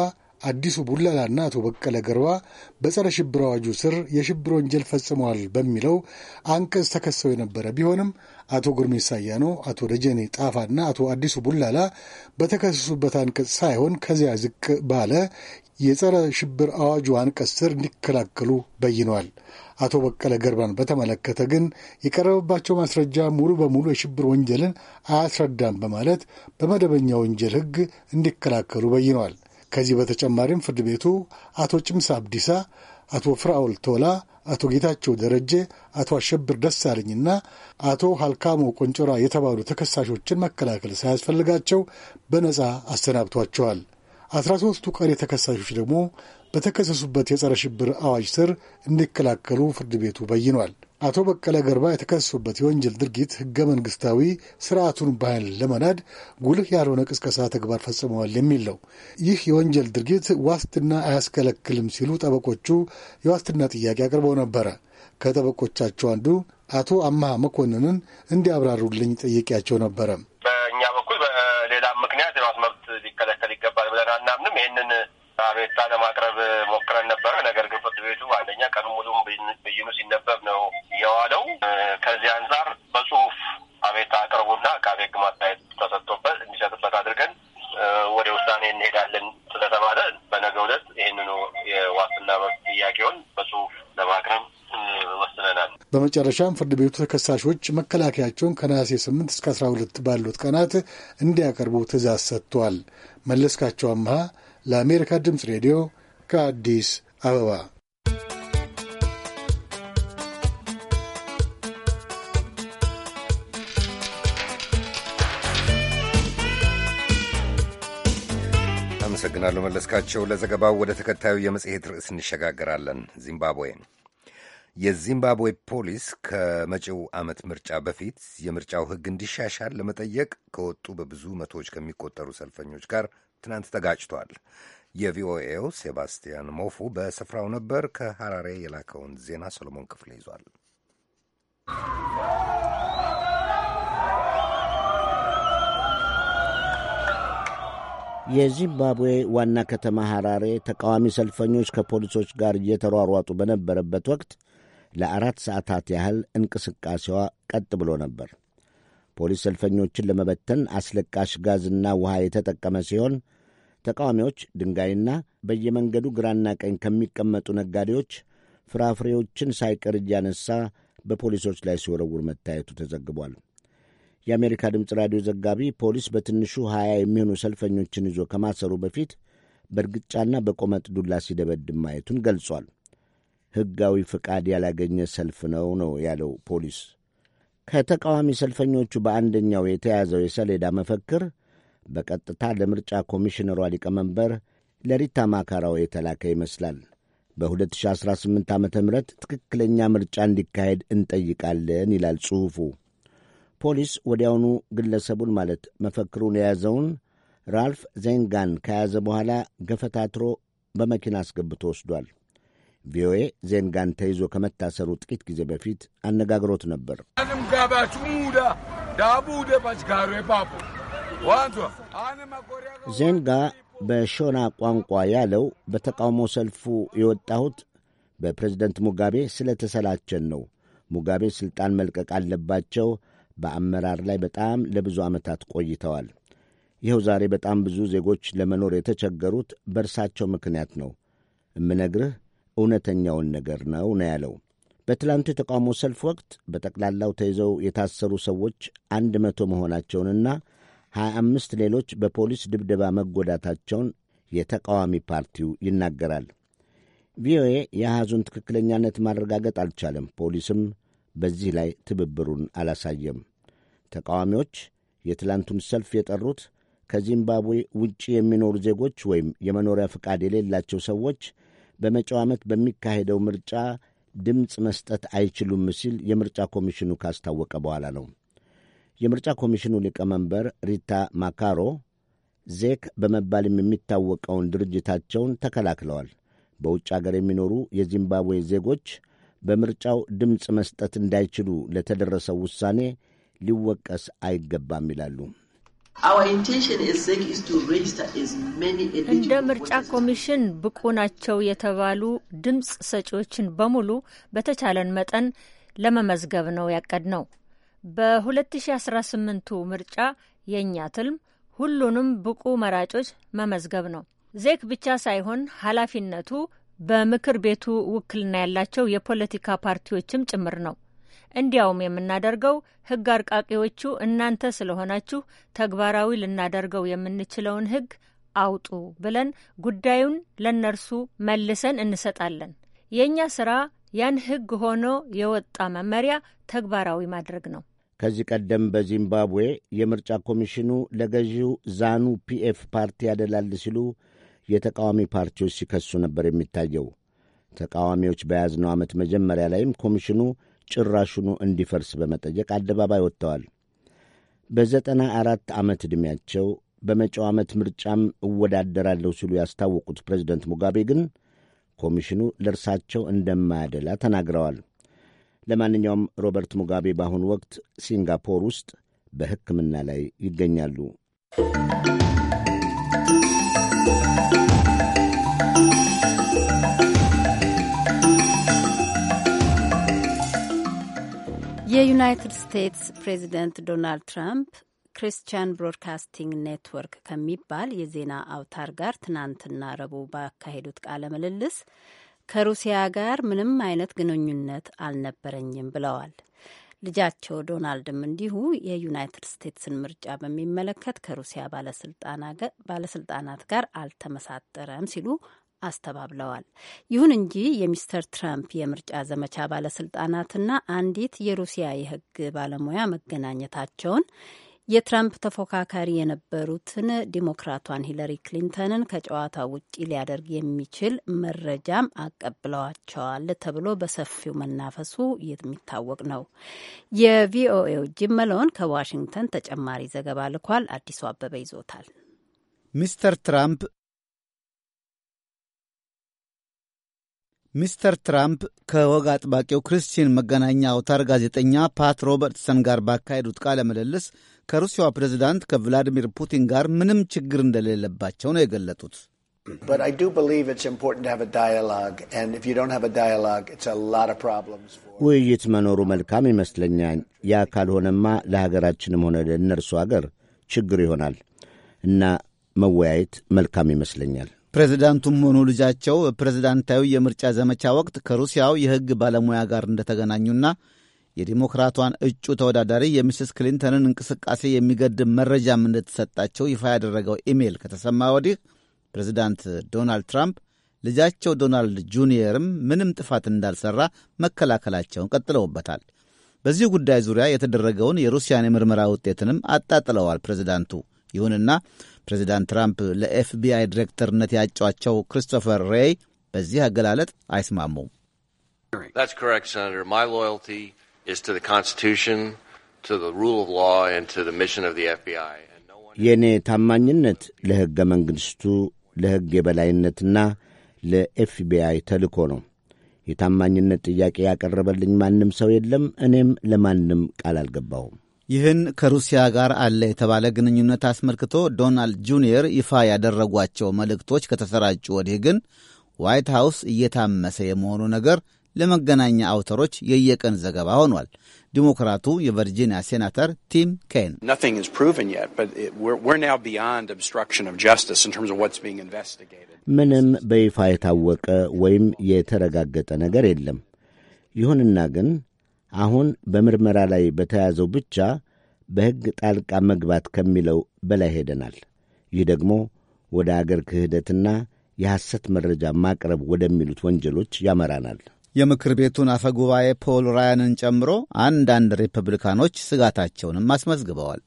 አዲሱ ቡላላና አቶ በቀለ ገርባ በጸረ ሽብር አዋጁ ስር የሽብር ወንጀል ፈጽመዋል በሚለው አንቀጽ ተከሰው የነበረ ቢሆንም አቶ ጉርሜሳ አያኖ፣ አቶ ደጀኔ ጣፋና አቶ አዲሱ ቡላላ በተከሰሱበት አንቀጽ ሳይሆን ከዚያ ዝቅ ባለ የጸረ ሽብር አዋጁ አንቀጽ ስር እንዲከላከሉ በይኗል። አቶ በቀለ ገርባን በተመለከተ ግን የቀረበባቸው ማስረጃ ሙሉ በሙሉ የሽብር ወንጀልን አያስረዳም በማለት በመደበኛ ወንጀል ሕግ እንዲከላከሉ በይኗል። ከዚህ በተጨማሪም ፍርድ ቤቱ አቶ ጭምስ አብዲሳ፣ አቶ ፍራውል ቶላ፣ አቶ ጌታቸው ደረጀ፣ አቶ አሸብር ደሳለኝና አቶ ሀልካሞ ቆንጮራ የተባሉ ተከሳሾችን መከላከል ሳያስፈልጋቸው በነጻ አሰናብቷቸዋል። አስራ ሶስቱ ቀሪ ተከሳሾች ደግሞ በተከሰሱበት የጸረ ሽብር አዋጅ ስር እንዲከላከሉ ፍርድ ቤቱ በይኗል። አቶ በቀለ ገርባ የተከሰሱበት የወንጀል ድርጊት ህገ መንግስታዊ ስርዓቱን ባህል ለመናድ ጉልህ ያልሆነ ቅስቀሳ ተግባር ፈጽመዋል የሚል ነው። ይህ የወንጀል ድርጊት ዋስትና አያስከለክልም ሲሉ ጠበቆቹ የዋስትና ጥያቄ አቅርበው ነበረ። ከጠበቆቻቸው አንዱ አቶ አማሃ መኮንንን እንዲያብራሩልኝ ጠይቄያቸው ነበረ። በእኛ በኩል በሌላም ምክንያት የዋስ መብት ሊከለከል ይገባል ብለን አናምንም። ይህንን አቤቱታ ለማቅረብ ሞክረን ነበረ። ነገር ግን ፍርድ ቤቱ አንደኛ ቀኑ ሙሉ ብይኑ ሲነበብ ነው የዋለው። ከዚህ አንጻር በጽሁፍ አቤቱታ አቅርቡና አቃቤ ሕግ ማስተያየት ተሰጥቶበት እንዲሰጥበት አድርገን ወደ ውሳኔ እንሄዳለን ስለተባለ በነገ ዕለት ይህንኑ የዋስትና መብት ጥያቄውን በጽሁፍ ለማቅረብ ወስነናል። በመጨረሻም ፍርድ ቤቱ ተከሳሾች መከላከያቸውን ከነሐሴ ስምንት እስከ አስራ ሁለት ባሉት ቀናት እንዲያቀርቡ ትእዛዝ ሰጥቷል። መለስካቸው አምሃ ለአሜሪካ ድምፅ ሬዲዮ ከአዲስ አበባ አመሰግናለሁ መለስካቸው ለዘገባው። ወደ ተከታዩ የመጽሔት ርዕስ እንሸጋገራለን። ዚምባብዌ የዚምባብዌ ፖሊስ ከመጪው ዓመት ምርጫ በፊት የምርጫው ሕግ እንዲሻሻል ለመጠየቅ ከወጡ በብዙ መቶዎች ከሚቆጠሩ ሰልፈኞች ጋር ትናንት ተጋጭቷል። የቪኦኤው ሴባስቲያን ሞፉ በስፍራው ነበር። ከሐራሬ የላከውን ዜና ሰሎሞን ክፍሌ ይዟል። የዚምባብዌ ዋና ከተማ ሐራሬ ተቃዋሚ ሰልፈኞች ከፖሊሶች ጋር እየተሯሯጡ በነበረበት ወቅት ለአራት ሰዓታት ያህል እንቅስቃሴዋ ቀጥ ብሎ ነበር። ፖሊስ ሰልፈኞችን ለመበተን አስለቃሽ ጋዝና ውሃ የተጠቀመ ሲሆን ተቃዋሚዎች ድንጋይና በየመንገዱ ግራና ቀኝ ከሚቀመጡ ነጋዴዎች ፍራፍሬዎችን ሳይቀር እያነሳ በፖሊሶች ላይ ሲወረውር መታየቱ ተዘግቧል። የአሜሪካ ድምፅ ራዲዮ ዘጋቢ ፖሊስ በትንሹ ሀያ የሚሆኑ ሰልፈኞችን ይዞ ከማሰሩ በፊት በእርግጫና በቆመጥ ዱላ ሲደበድብ ማየቱን ገልጿል። ሕጋዊ ፍቃድ ያላገኘ ሰልፍ ነው ነው ያለው ፖሊስ። ከተቃዋሚ ሰልፈኞቹ በአንደኛው የተያዘው የሰሌዳ መፈክር በቀጥታ ለምርጫ ኮሚሽነሯ ሊቀመንበር ለሪታ ማካራው የተላከ ይመስላል። በ2018 ዓ ም ትክክለኛ ምርጫ እንዲካሄድ እንጠይቃለን ይላል ጽሑፉ። ፖሊስ ወዲያውኑ ግለሰቡን ማለት መፈክሩን የያዘውን ራልፍ ዜንጋን ከያዘ በኋላ ገፈታትሮ በመኪና አስገብቶ ወስዷል። ቪኦኤ ዜንጋን ተይዞ ከመታሰሩ ጥቂት ጊዜ በፊት አነጋግሮት ነበር። ዜንጋ በሾና ቋንቋ ያለው በተቃውሞ ሰልፉ የወጣሁት በፕሬዝደንት ሙጋቤ ስለተሰላቸን ነው። ሙጋቤ ሥልጣን መልቀቅ አለባቸው። በአመራር ላይ በጣም ለብዙ ዓመታት ቆይተዋል። ይኸው ዛሬ በጣም ብዙ ዜጎች ለመኖር የተቸገሩት በእርሳቸው ምክንያት ነው። እምነግርህ እውነተኛውን ነገር ነው ነው ያለው። በትላንቱ የተቃውሞ ሰልፍ ወቅት በጠቅላላው ተይዘው የታሰሩ ሰዎች አንድ መቶ መሆናቸውንና 25 ሌሎች በፖሊስ ድብደባ መጎዳታቸውን የተቃዋሚ ፓርቲው ይናገራል። ቪኦኤ የአሃዙን ትክክለኛነት ማረጋገጥ አልቻለም። ፖሊስም በዚህ ላይ ትብብሩን አላሳየም። ተቃዋሚዎች የትላንቱን ሰልፍ የጠሩት ከዚምባብዌ ውጭ የሚኖሩ ዜጎች ወይም የመኖሪያ ፈቃድ የሌላቸው ሰዎች በመጪው ዓመት በሚካሄደው ምርጫ ድምፅ መስጠት አይችሉም ሲል የምርጫ ኮሚሽኑ ካስታወቀ በኋላ ነው። የምርጫ ኮሚሽኑ ሊቀመንበር ሪታ ማካሮ ዜክ በመባልም የሚታወቀውን ድርጅታቸውን ተከላክለዋል። በውጭ አገር የሚኖሩ የዚምባብዌ ዜጎች በምርጫው ድምፅ መስጠት እንዳይችሉ ለተደረሰው ውሳኔ ሊወቀስ አይገባም ይላሉ። እንደ ምርጫ ኮሚሽን ብቁ ናቸው የተባሉ ድምፅ ሰጪዎችን በሙሉ በተቻለን መጠን ለመመዝገብ ነው ያቀድ ነው። በ2018ቱ ምርጫ የእኛ ትልም ሁሉንም ብቁ መራጮች መመዝገብ ነው። ዜክ ብቻ ሳይሆን ኃላፊነቱ በምክር ቤቱ ውክልና ያላቸው የፖለቲካ ፓርቲዎችም ጭምር ነው። እንዲያውም የምናደርገው ሕግ አርቃቂዎቹ እናንተ ስለሆናችሁ ተግባራዊ ልናደርገው የምንችለውን ሕግ አውጡ ብለን ጉዳዩን ለእነርሱ መልሰን እንሰጣለን። የእኛ ስራ ያን ሕግ ሆኖ የወጣ መመሪያ ተግባራዊ ማድረግ ነው። ከዚህ ቀደም በዚምባብዌ የምርጫ ኮሚሽኑ ለገዢው ዛኑ ፒኤፍ ፓርቲ ያደላል ሲሉ የተቃዋሚ ፓርቲዎች ሲከሱ ነበር የሚታየው። ተቃዋሚዎች በያዝነው ዓመት መጀመሪያ ላይም ኮሚሽኑ ጭራሹኑ እንዲፈርስ በመጠየቅ አደባባይ ወጥተዋል። በዘጠና አራት ዓመት ዕድሜያቸው በመጪው ዓመት ምርጫም እወዳደራለሁ ሲሉ ያስታወቁት ፕሬዚደንት ሙጋቤ ግን ኮሚሽኑ ለእርሳቸው እንደማያደላ ተናግረዋል። ለማንኛውም ሮበርት ሙጋቤ በአሁኑ ወቅት ሲንጋፖር ውስጥ በሕክምና ላይ ይገኛሉ። የዩናይትድ ስቴትስ ፕሬዚደንት ዶናልድ ትራምፕ ክሪስቲያን ብሮድካስቲንግ ኔትወርክ ከሚባል የዜና አውታር ጋር ትናንትና ረቡዕ ባካሄዱት ቃለ ምልልስ ከሩሲያ ጋር ምንም አይነት ግንኙነት አልነበረኝም ብለዋል። ልጃቸው ዶናልድም እንዲሁ የዩናይትድ ስቴትስን ምርጫ በሚመለከት ከሩሲያ ባለስልጣናት ጋር አልተመሳጠረም ሲሉ አስተባብለዋል። ይሁን እንጂ የሚስተር ትራምፕ የምርጫ ዘመቻ ባለስልጣናትና አንዲት የሩሲያ የሕግ ባለሙያ መገናኘታቸውን የትራምፕ ተፎካካሪ የነበሩትን ዲሞክራቷን ሂለሪ ክሊንተንን ከጨዋታ ውጪ ሊያደርግ የሚችል መረጃም አቀብለዋቸዋል ተብሎ በሰፊው መናፈሱ የሚታወቅ ነው። የቪኦኤው ጂም መሎን ከዋሽንግተን ተጨማሪ ዘገባ ልኳል። አዲሱ አበበ ይዞታል። ሚስተር ትራምፕ ሚስተር ትራምፕ ከወግ አጥባቂው ክርስቲን መገናኛ አውታር ጋዜጠኛ ፓት ሮበርትሰን ጋር ባካሄዱት ቃለ ምልልስ ከሩሲያው ፕሬዚዳንት ከቭላዲሚር ፑቲን ጋር ምንም ችግር እንደሌለባቸው ነው የገለጡት። ውይይት መኖሩ መልካም ይመስለኛል። ያ ካልሆነማ ለሀገራችንም ሆነ ለእነርሱ አገር ችግር ይሆናል እና መወያየት መልካም ይመስለኛል። ፕሬዚዳንቱም ሆኑ ልጃቸው በፕሬዚዳንታዊ የምርጫ ዘመቻ ወቅት ከሩሲያው የሕግ ባለሙያ ጋር እንደተገናኙና የዲሞክራቷን እጩ ተወዳዳሪ የሚስስ ክሊንተንን እንቅስቃሴ የሚገድም መረጃም እንደተሰጣቸው ይፋ ያደረገው ኢሜይል ከተሰማ ወዲህ ፕሬዚዳንት ዶናልድ ትራምፕ ልጃቸው ዶናልድ ጁኒየርም ምንም ጥፋት እንዳልሠራ መከላከላቸውን ቀጥለውበታል። በዚህ ጉዳይ ዙሪያ የተደረገውን የሩሲያን የምርመራ ውጤትንም አጣጥለዋል ፕሬዚዳንቱ። ይሁንና ፕሬዚዳንት ትራምፕ ለኤፍቢአይ ዲሬክተርነት ያጯቸው ክሪስቶፈር ሬይ በዚህ አገላለጥ አይስማሙም። is to the Constitution, to the rule of law, and to the mission of the FBI. የእኔ ታማኝነት ለሕገ መንግሥቱ፣ ለሕግ የበላይነትና ለኤፍቢአይ ተልእኮ ነው። የታማኝነት ጥያቄ ያቀረበልኝ ማንም ሰው የለም። እኔም ለማንም ቃል አልገባውም ይህን ከሩሲያ ጋር አለ የተባለ ግንኙነት አስመልክቶ ዶናልድ ጁኒየር ይፋ ያደረጓቸው መልእክቶች ከተሰራጩ ወዲህ ግን ዋይት ሃውስ እየታመሰ የመሆኑ ነገር ለመገናኛ አውታሮች የየቀን ዘገባ ሆኗል። ዲሞክራቱ የቨርጂኒያ ሴናተር ቲም ኬን ምንም በይፋ የታወቀ ወይም የተረጋገጠ ነገር የለም። ይሁንና ግን አሁን በምርመራ ላይ በተያዘው ብቻ በሕግ ጣልቃ መግባት ከሚለው በላይ ሄደናል። ይህ ደግሞ ወደ አገር ክህደትና የሐሰት መረጃ ማቅረብ ወደሚሉት ወንጀሎች ያመራናል። የምክር ቤቱን አፈ ጉባኤ ፖል ራያንን ጨምሮ አንዳንድ ሪፐብሊካኖች ስጋታቸውንም አስመዝግበዋል።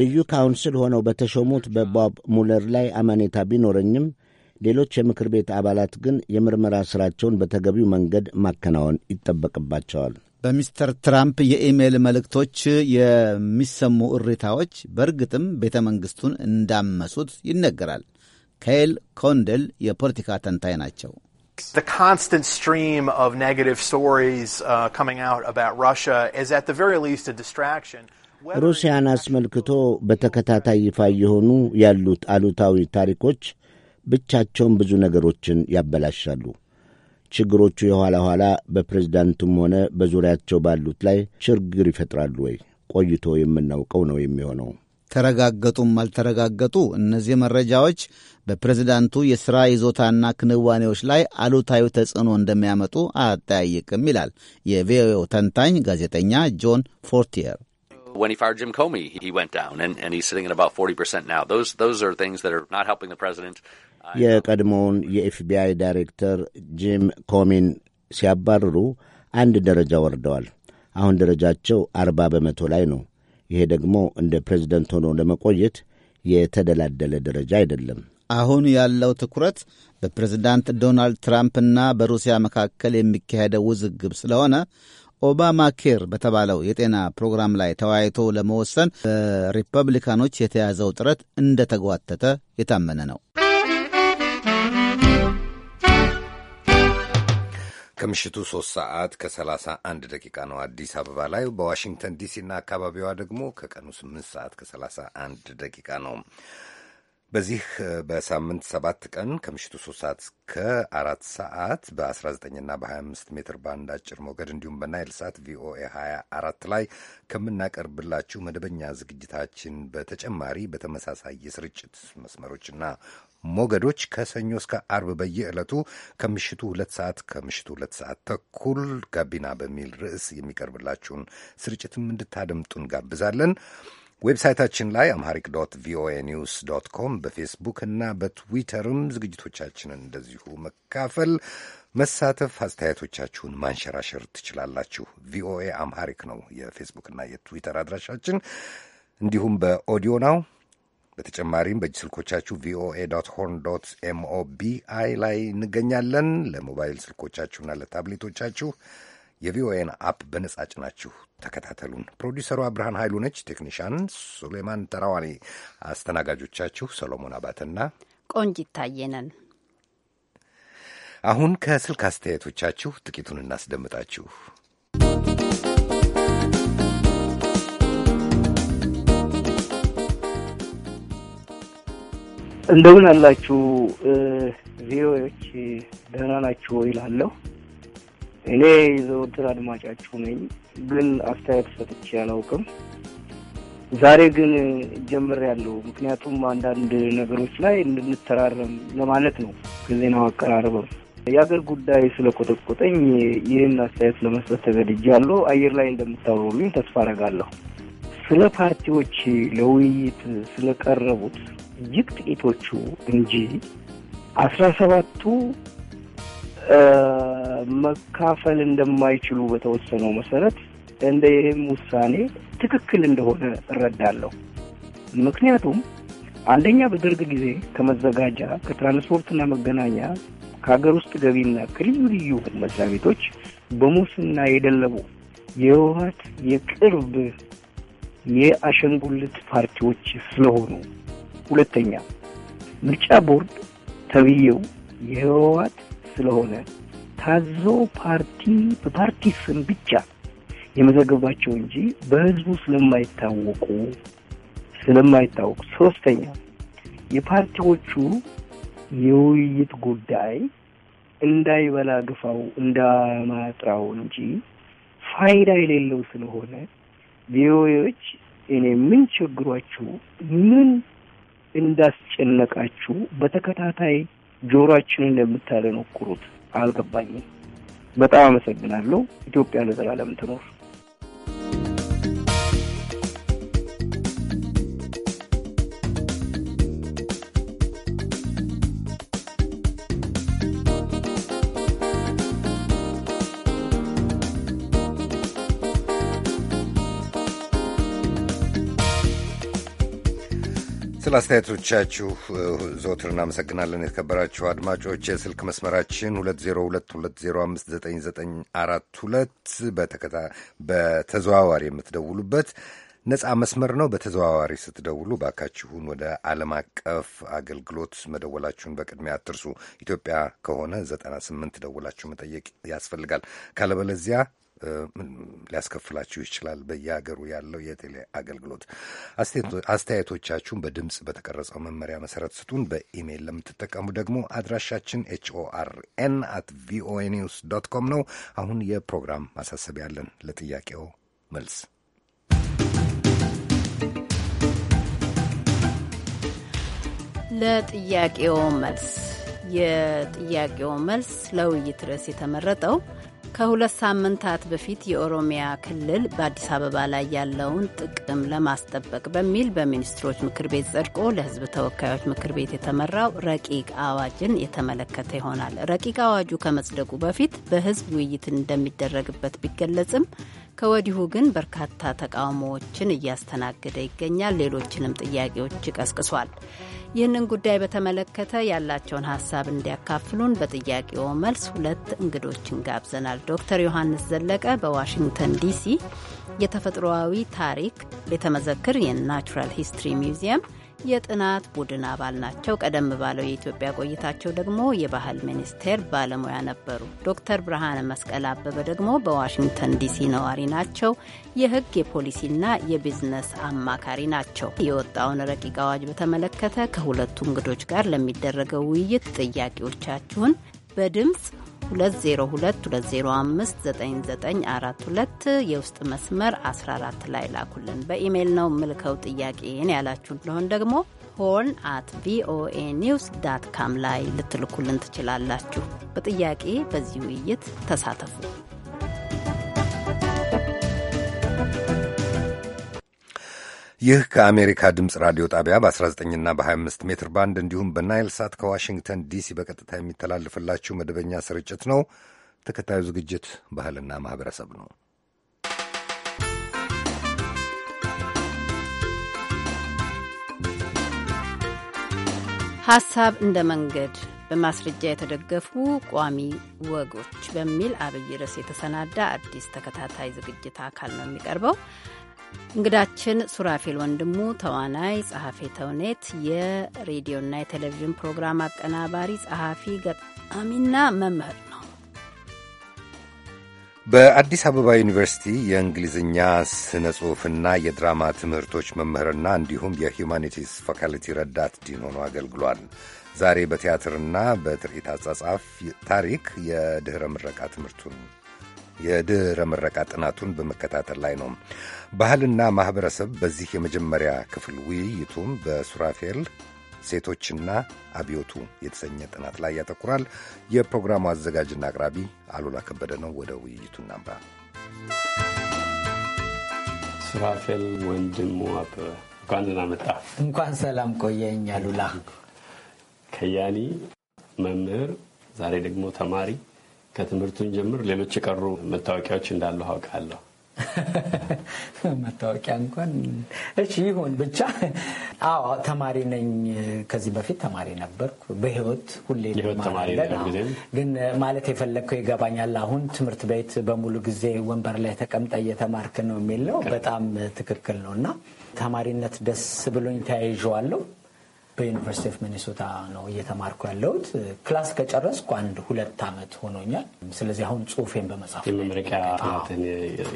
ልዩ ካውንስል ሆነው በተሾሙት በቦብ ሙለር ላይ አመኔታ ቢኖረኝም ሌሎች የምክር ቤት አባላት ግን የምርመራ ሥራቸውን በተገቢው መንገድ ማከናወን ይጠበቅባቸዋል። በሚስተር ትራምፕ የኢሜይል መልእክቶች የሚሰሙ እሪታዎች በእርግጥም ቤተ መንግሥቱን እንዳመሱት ይነገራል። ከይል ኮንደል የፖለቲካ ተንታኝ ናቸው። ሩሲያን አስመልክቶ በተከታታይ ይፋ የሆኑ ያሉት አሉታዊ ታሪኮች ብቻቸውን ብዙ ነገሮችን ያበላሻሉ። ችግሮቹ የኋላ ኋላ በፕሬዝዳንቱም ሆነ በዙሪያቸው ባሉት ላይ ችግር ይፈጥራሉ ወይ? ቆይቶ የምናውቀው ነው የሚሆነው። ተረጋገጡም አልተረጋገጡ እነዚህ መረጃዎች በፕሬዝዳንቱ የሥራ ይዞታና ክንዋኔዎች ላይ አሉታዊ ተጽዕኖ እንደሚያመጡ አያጠያይቅም ይላል የቪኦኤው ተንታኝ ጋዜጠኛ ጆን ፎርቲየር። የቀድሞውን የኤፍቢአይ ዳይሬክተር ጂም ኮሚን ሲያባርሩ አንድ ደረጃ ወርደዋል። አሁን ደረጃቸው አርባ በመቶ ላይ ነው። ይሄ ደግሞ እንደ ፕሬዚደንት ሆኖ ለመቆየት የተደላደለ ደረጃ አይደለም። አሁን ያለው ትኩረት በፕሬዝዳንት ዶናልድ ትራምፕና በሩሲያ መካከል የሚካሄደው ውዝግብ ስለሆነ ኦባማ ኬር በተባለው የጤና ፕሮግራም ላይ ተወያይቶ ለመወሰን በሪፐብሊካኖች የተያዘው ጥረት እንደተጓተተ የታመነ ነው። ከምሽቱ 3 ሰዓት ከ31 ደቂቃ ነው አዲስ አበባ ላይ። በዋሽንግተን ዲሲና አካባቢዋ ደግሞ ከቀኑ 8 ሰዓት ከ31 ደቂቃ ነው። በዚህ በሳምንት ሰባት ቀን ከምሽቱ 3 ሰዓት እስከ 4 ሰዓት በ19ና በ25 ሜትር ባንድ አጭር ሞገድ እንዲሁም በናይል ሳት ቪኦኤ 24 ላይ ከምናቀርብላችሁ መደበኛ ዝግጅታችን በተጨማሪ በተመሳሳይ የስርጭት መስመሮችና ሞገዶች ከሰኞ እስከ አርብ በየዕለቱ ከምሽቱ ሁለት ሰዓት ከምሽቱ ሁለት ሰዓት ተኩል ጋቢና በሚል ርዕስ የሚቀርብላችሁን ስርጭትም እንድታደምጡ እንጋብዛለን። ዌብሳይታችን ላይ አምሃሪክ ዶት ቪኦኤ ኒውስ ዶት ኮም በፌስቡክ እና በትዊተርም ዝግጅቶቻችንን እንደዚሁ መካፈል፣ መሳተፍ፣ አስተያየቶቻችሁን ማንሸራሸር ትችላላችሁ። ቪኦኤ አምሃሪክ ነው የፌስቡክና የትዊተር አድራሻችን። እንዲሁም በኦዲዮ ናው በተጨማሪም በእጅ ስልኮቻችሁ ቪኦኤ ዶት ሆርን ዶት ኤምኦቢአይ ላይ እንገኛለን። ለሞባይል ስልኮቻችሁና ለታብሌቶቻችሁ የቪኦኤን አፕ በነጻ ጭናችሁ ተከታተሉን። ፕሮዲሰሯ ብርሃን ኃይሉ ነች። ቴክኒሻን ሱሌማን ተራዋኔ፣ አስተናጋጆቻችሁ ሰሎሞን አባትና ቆንጂት ታየ አሁን ከስልክ አስተያየቶቻችሁ ጥቂቱን እናስደምጣችሁ። እንደምን አላችሁ ቪኦኤዎች፣ ደህና ናችሁ ወይ እላለሁ። እኔ ዘወትር አድማጫችሁ ነኝ፣ ግን አስተያየት ሰጥቼ አላውቅም። ዛሬ ግን ጀምሬያለሁ፣ ምክንያቱም አንዳንድ ነገሮች ላይ እንድንተራረም ለማለት ነው። ከዜናው አቀራርበም። የአገር ጉዳይ ስለቆጠቆጠኝ ይህን አስተያየት ለመስጠት ተገድጃለሁ። አየር ላይ እንደምታወሩልኝ ተስፋ አረጋለሁ። ስለ ፓርቲዎች ለውይይት ስለቀረቡት እጅግ ጥቂቶቹ እንጂ አስራ ሰባቱ መካፈል እንደማይችሉ በተወሰነው መሰረት እንደ ይህም ውሳኔ ትክክል እንደሆነ እረዳለሁ። ምክንያቱም አንደኛ በደርግ ጊዜ ከመዘጋጃ ከትራንስፖርትና መገናኛ ከሀገር ውስጥ ገቢና ከልዩ ልዩ መስሪያ ቤቶች በሙስና የደለቡ የህወሀት የቅርብ የአሸንጉልት ፓርቲዎች ስለሆኑ ሁለተኛ ምርጫ ቦርድ ተብዬው የህወሓት ስለሆነ ታዞ ፓርቲ በፓርቲ ስም ብቻ የመዘገባቸው እንጂ በህዝቡ ስለማይታወቁ ስለማይታወቁ። ሶስተኛ የፓርቲዎቹ የውይይት ጉዳይ እንዳይበላ ግፋው እንዳማጥራው እንጂ ፋይዳ የሌለው ስለሆነ ቪኦኤዎች እኔ ምን ምን እንዳስጨነቃችሁ በተከታታይ ጆሯችንን ለምታለነቁሩት አልገባኝም። በጣም አመሰግናለሁ። ኢትዮጵያ ለዘላለም ትኖር። ስለ አስተያየቶቻችሁ ዘወትር እናመሰግናለን። የተከበራችሁ አድማጮች የስልክ መስመራችን 2022059942 በተዘዋዋሪ የምትደውሉበት ነፃ መስመር ነው። በተዘዋዋሪ ስትደውሉ ባካችሁን ወደ ዓለም አቀፍ አገልግሎት መደወላችሁን በቅድሚያ አትርሱ። ኢትዮጵያ ከሆነ 98 ደውላችሁ መጠየቅ ያስፈልጋል። ካለበለዚያ ሊያስከፍላችሁ ይችላል። በየሀገሩ ያለው የቴሌ አገልግሎት። አስተያየቶቻችሁን በድምፅ በተቀረጸው መመሪያ መሰረት ስጡን። በኢሜይል ለምትጠቀሙ ደግሞ አድራሻችን ኤን አት ቪኦኤ ኒውስ ዶት ኮም ነው። አሁን የፕሮግራም ማሳሰቢያ አለን። ለጥያቄው መልስ ለጥያቄው መልስ የጥያቄው መልስ ለውይይት ርዕስ የተመረጠው ከሁለት ሳምንታት በፊት የኦሮሚያ ክልል በአዲስ አበባ ላይ ያለውን ጥቅም ለማስጠበቅ በሚል በሚኒስትሮች ምክር ቤት ጸድቆ ለሕዝብ ተወካዮች ምክር ቤት የተመራው ረቂቅ አዋጅን የተመለከተ ይሆናል። ረቂቅ አዋጁ ከመጽደቁ በፊት በሕዝብ ውይይት እንደሚደረግበት ቢገለጽም ከወዲሁ ግን በርካታ ተቃውሞዎችን እያስተናገደ ይገኛል። ሌሎችንም ጥያቄዎች ቀስቅሷል። ይህንን ጉዳይ በተመለከተ ያላቸውን ሀሳብ እንዲያካፍሉን በጥያቄው መልስ ሁለት እንግዶችን ጋብዘናል። ዶክተር ዮሐንስ ዘለቀ በዋሽንግተን ዲሲ የተፈጥሮዊ ታሪክ ቤተመዘክር የናቹራል ሂስትሪ ሚውዚየም የጥናት ቡድን አባል ናቸው። ቀደም ባለው የኢትዮጵያ ቆይታቸው ደግሞ የባህል ሚኒስቴር ባለሙያ ነበሩ። ዶክተር ብርሃነ መስቀል አበበ ደግሞ በዋሽንግተን ዲሲ ነዋሪ ናቸው። የህግ የፖሊሲና የቢዝነስ አማካሪ ናቸው። የወጣውን ረቂቅ አዋጅ በተመለከተ ከሁለቱ እንግዶች ጋር ለሚደረገው ውይይት ጥያቄዎቻችሁን በድምፅ 2022059942 የውስጥ መስመር 14 ላይ ላኩልን። በኢሜይል ነው ምልከው ጥያቄን ያላችሁ ለሆን ደግሞ ሆርን አት ቪኦኤ ኒውስ ዳት ካም ላይ ልትልኩልን ትችላላችሁ። በጥያቄ በዚህ ውይይት ተሳተፉ። ይህ ከአሜሪካ ድምፅ ራዲዮ ጣቢያ በ19ና በ25 ሜትር ባንድ እንዲሁም በናይል ሳት ከዋሽንግተን ዲሲ በቀጥታ የሚተላልፍላችሁ መደበኛ ስርጭት ነው። ተከታዩ ዝግጅት ባህልና ማህበረሰብ ነው። ሀሳብ እንደ መንገድ በማስረጃ የተደገፉ ቋሚ ወጎች በሚል አብይ ርዕስ የተሰናዳ አዲስ ተከታታይ ዝግጅት አካል ነው የሚቀርበው። እንግዳችን ሱራፌል ወንድሙ ተዋናይ፣ ጸሐፌ ተውኔት፣ የሬዲዮና የቴሌቪዥን ፕሮግራም አቀናባሪ፣ ጸሐፊ፣ ገጣሚና መምህር ነው። በአዲስ አበባ ዩኒቨርሲቲ የእንግሊዝኛ ስነ ጽሑፍና የድራማ ትምህርቶች መምህርና እንዲሁም የሂዩማኒቲስ ፋካልቲ ረዳት ዲን ሆኖ አገልግሏል። ዛሬ በቲያትርና በትርኢት አጻጻፍ ታሪክ የድኅረ ምረቃ ትምህርቱን የድኅረ ምረቃ ጥናቱን በመከታተል ላይ ነው። ባህልና ማኅበረሰብ በዚህ የመጀመሪያ ክፍል ውይይቱም በሱራፌል ሴቶችና አብዮቱ የተሰኘ ጥናት ላይ ያተኩራል። የፕሮግራሙ አዘጋጅና አቅራቢ አሉላ ከበደ ነው። ወደ ውይይቱ እናምራ። ሱራፌል ወንድሙ አበበ እንኳን ደህና መጣ። እንኳን ሰላም ቆየኝ አሉላ። ከያኒ መምህር፣ ዛሬ ደግሞ ተማሪ ከትምህርቱን ጀምር ሌሎች የቀሩ መታወቂያዎች እንዳሉ አውቃለሁ። [laughs] መታወቂያ እንኳን እሺ ይሁን ብቻ። አዎ ተማሪ ነኝ። ከዚህ በፊት ተማሪ ነበርኩ። በህይወት ሁሌ ግን ማለት የፈለግከው ይገባኛል። አሁን ትምህርት ቤት በሙሉ ጊዜ ወንበር ላይ ተቀምጠ እየተማርክ ነው የሚለው በጣም ትክክል ነው እና ተማሪነት ደስ ብሎኝ ተያይዤዋለሁ። በዩኒቨርሲቲ ኦፍ ሚኒሶታ ነው እየተማርኩ ያለሁት። ክላስ ከጨረስኩ አንድ ሁለት ዓመት ሆኖኛል። ስለዚህ አሁን ጽሁፌን በመጻፍ የመመረቂያ ትን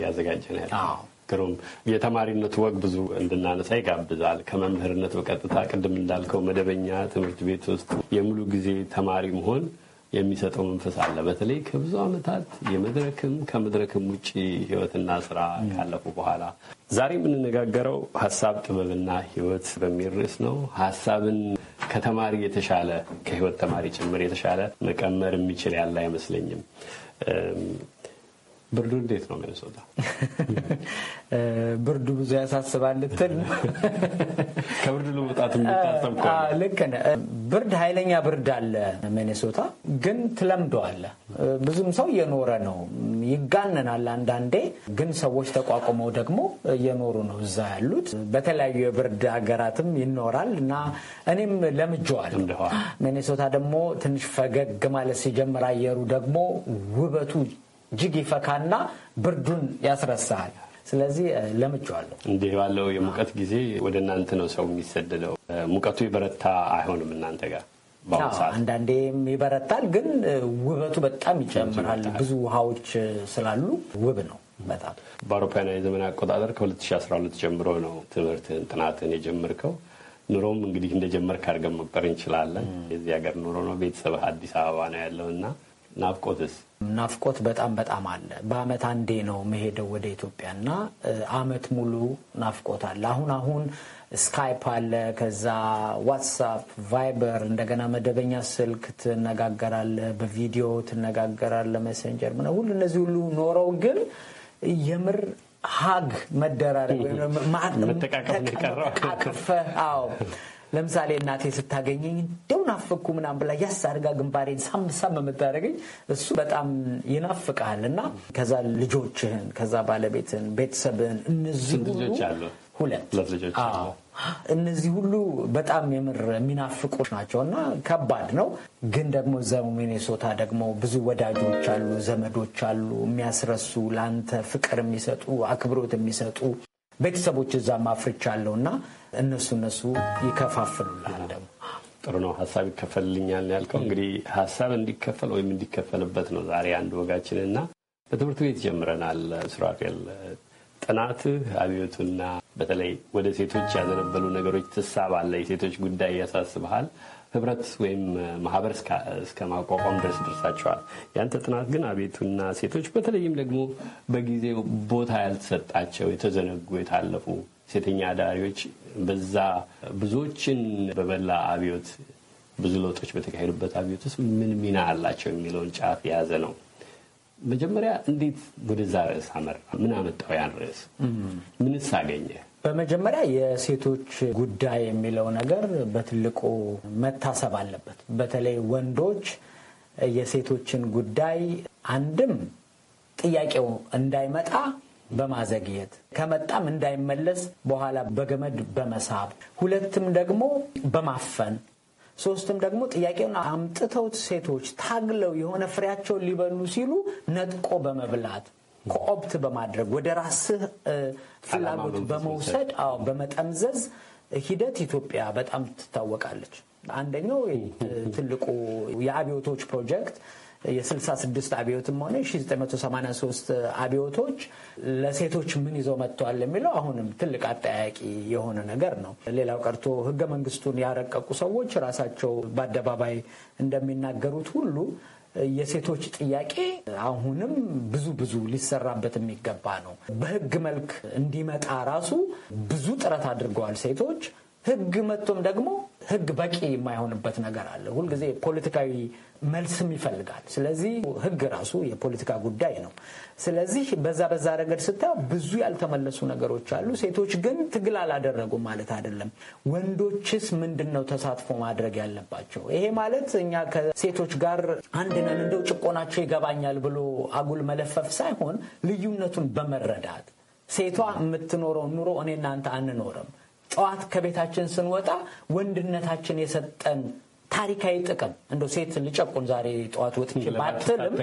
ያዘጋጀ ነው ያለው። ግሩም የተማሪነት ወግ ብዙ እንድናነሳ ይጋብዛል። ከመምህርነት በቀጥታ ቅድም እንዳልከው መደበኛ ትምህርት ቤት ውስጥ የሙሉ ጊዜ ተማሪ መሆን የሚሰጠው መንፈስ አለ። በተለይ ከብዙ ዓመታት የመድረክም ከመድረክም ውጭ ህይወትና ስራ ካለፉ በኋላ ዛሬ የምንነጋገረው ሀሳብ ጥበብና ህይወት በሚል ርዕስ ነው። ሀሳብን ከተማሪ የተሻለ ከህይወት ተማሪ ጭምር የተሻለ መቀመር የሚችል ያለ አይመስለኝም። ብርዱ እንዴት ነው ሚኒሶታ? [laughs] ብርዱ ብዙ ያሳስባል ልትል [laughs] ከብርዱ ለመውጣት የሚታሰብ ልክ ነህ። ብርድ ኃይለኛ ብርድ አለ ሚኒሶታ፣ ግን ትለምደዋለህ። ብዙም ሰው እየኖረ ነው። ይጋነናል አንዳንዴ፣ ግን ሰዎች ተቋቁመው ደግሞ እየኖሩ ነው እዛ ያሉት። በተለያዩ የብርድ ሀገራትም ይኖራል እና እኔም ለምጄዋለሁ። ሚኒሶታ ደግሞ ትንሽ ፈገግ ማለት ሲጀምር አየሩ ደግሞ ውበቱ እጅግ ይፈካና ብርዱን ያስረሳሃል። ስለዚህ ለምቼዋለሁ። እንዲህ ባለው የሙቀት ጊዜ ወደ እናንተ ነው ሰው የሚሰደደው። ሙቀቱ የበረታ አይሆንም እናንተ ጋር አንዳንዴም ይበረታል፣ ግን ውበቱ በጣም ይጨምራል። ብዙ ውሃዎች ስላሉ ውብ ነው በጣም። በአውሮፓውያን የዘመን አቆጣጠር ከ2012 ጀምሮ ነው ትምህርትህን ጥናትህን የጀመርከው። ኑሮም እንግዲህ እንደጀመርክ አድርገን መቁጠር እንችላለን። የዚህ ሀገር ኑሮ ነው። ቤተሰብህ አዲስ አበባ ነው ያለው እና ናፍቆትስ ናፍቆት በጣም በጣም አለ። በአመት አንዴ ነው መሄደው ወደ ኢትዮጵያ እና አመት ሙሉ ናፍቆት አለ። አሁን አሁን ስካይፕ አለ፣ ከዛ ዋትሳፕ፣ ቫይበር፣ እንደገና መደበኛ ስልክ ትነጋገራለ፣ በቪዲዮ ትነጋገራለ፣ መሰንጀር ምናምን ሁሉ እነዚህ ሁሉ ኖረው ግን የምር ሀግ መደራረግ አቅፈ ለምሳሌ እናቴ ስታገኘኝ እንደው ናፍኩ ምናምን ብላ ያስ አድርጋ ግንባሬን ሳምሳም ሳም የምታደርገኝ እሱ በጣም ይናፍቃል እና ከዛ ልጆችህን ከዛ ባለቤትን ቤተሰብህን እነዚህ ሁለት እነዚህ ሁሉ በጣም የምር የሚናፍቁች ናቸው እና ከባድ ነው። ግን ደግሞ እዛ ሚኔሶታ ደግሞ ብዙ ወዳጆች አሉ፣ ዘመዶች አሉ፣ የሚያስረሱ ለአንተ ፍቅር የሚሰጡ አክብሮት የሚሰጡ ቤተሰቦች እዛም አለው እና እነሱ እነሱ ይከፋፍሉልሃል ደግሞ ጥሩ ነው። ሀሳብ ይከፈልልኛል ያልከው እንግዲህ ሀሳብ እንዲከፈል ወይም እንዲከፈልበት ነው ዛሬ አንድ ወጋችን እና በትምህርት ቤት ጀምረናል። ሱራፌል ጥናትህ አብዮቱና በተለይ ወደ ሴቶች ያዘነበሉ ነገሮች ትሳባለህ። የሴቶች ጉዳይ ያሳስበሃል። ህብረት ወይም ማህበር እስከ ማቋቋም ድረስ ደርሳቸዋል። ያንተ ጥናት ግን አቤቱና ሴቶች በተለይም ደግሞ በጊዜው ቦታ ያልተሰጣቸው የተዘነጉ፣ የታለፉ ሴተኛ አዳሪዎች በዛ ብዙዎችን በበላ አብዮት ብዙ ለውጦች በተካሄዱበት አብዮት ውስጥ ምን ሚና አላቸው የሚለውን ጫፍ የያዘ ነው። መጀመሪያ እንዴት ወደዛ ርዕስ አመራ? ምን አመጣው ያን ርዕስ? ምንስ አገኘ? በመጀመሪያ የሴቶች ጉዳይ የሚለው ነገር በትልቁ መታሰብ አለበት። በተለይ ወንዶች የሴቶችን ጉዳይ አንድም ጥያቄው እንዳይመጣ በማዘግየት ከመጣም እንዳይመለስ በኋላ በገመድ በመሳብ፣ ሁለትም ደግሞ በማፈን፣ ሶስትም ደግሞ ጥያቄውን አምጥተውት ሴቶች ታግለው የሆነ ፍሬያቸውን ሊበሉ ሲሉ ነጥቆ በመብላት ኮኦፕት በማድረግ ወደ ራስህ ፍላጎት በመውሰድ በመጠምዘዝ ሂደት ኢትዮጵያ በጣም ትታወቃለች። አንደኛው ትልቁ የአብዮቶች ፕሮጀክት የ66 አብዮትም ሆነ 1983 አብዮቶች ለሴቶች ምን ይዘው መጥተዋል የሚለው አሁንም ትልቅ አጠያቂ የሆነ ነገር ነው። ሌላው ቀርቶ ህገ መንግስቱን ያረቀቁ ሰዎች ራሳቸው በአደባባይ እንደሚናገሩት ሁሉ የሴቶች ጥያቄ አሁንም ብዙ ብዙ ሊሰራበት የሚገባ ነው። በህግ መልክ እንዲመጣ ራሱ ብዙ ጥረት አድርገዋል ሴቶች። ህግ መጥቶም ደግሞ ህግ በቂ የማይሆንበት ነገር አለ። ሁልጊዜ ፖለቲካዊ መልስም ይፈልጋል። ስለዚህ ህግ ራሱ የፖለቲካ ጉዳይ ነው። ስለዚህ በዛ በዛ ረገድ ስታየው ብዙ ያልተመለሱ ነገሮች አሉ። ሴቶች ግን ትግል አላደረጉም ማለት አይደለም። ወንዶችስ ምንድን ነው ተሳትፎ ማድረግ ያለባቸው? ይሄ ማለት እኛ ከሴቶች ጋር አንድ ነን እንደው ጭቆናቸው ይገባኛል ብሎ አጉል መለፈፍ ሳይሆን ልዩነቱን በመረዳት ሴቷ የምትኖረው ኑሮ እኔ እናንተ አንኖርም። ጠዋት ከቤታችን ስንወጣ ወንድነታችን የሰጠን ታሪካዊ ጥቅም እንደ ሴት ልጨቁን ዛሬ ጠዋት ወጥቼ ባትልም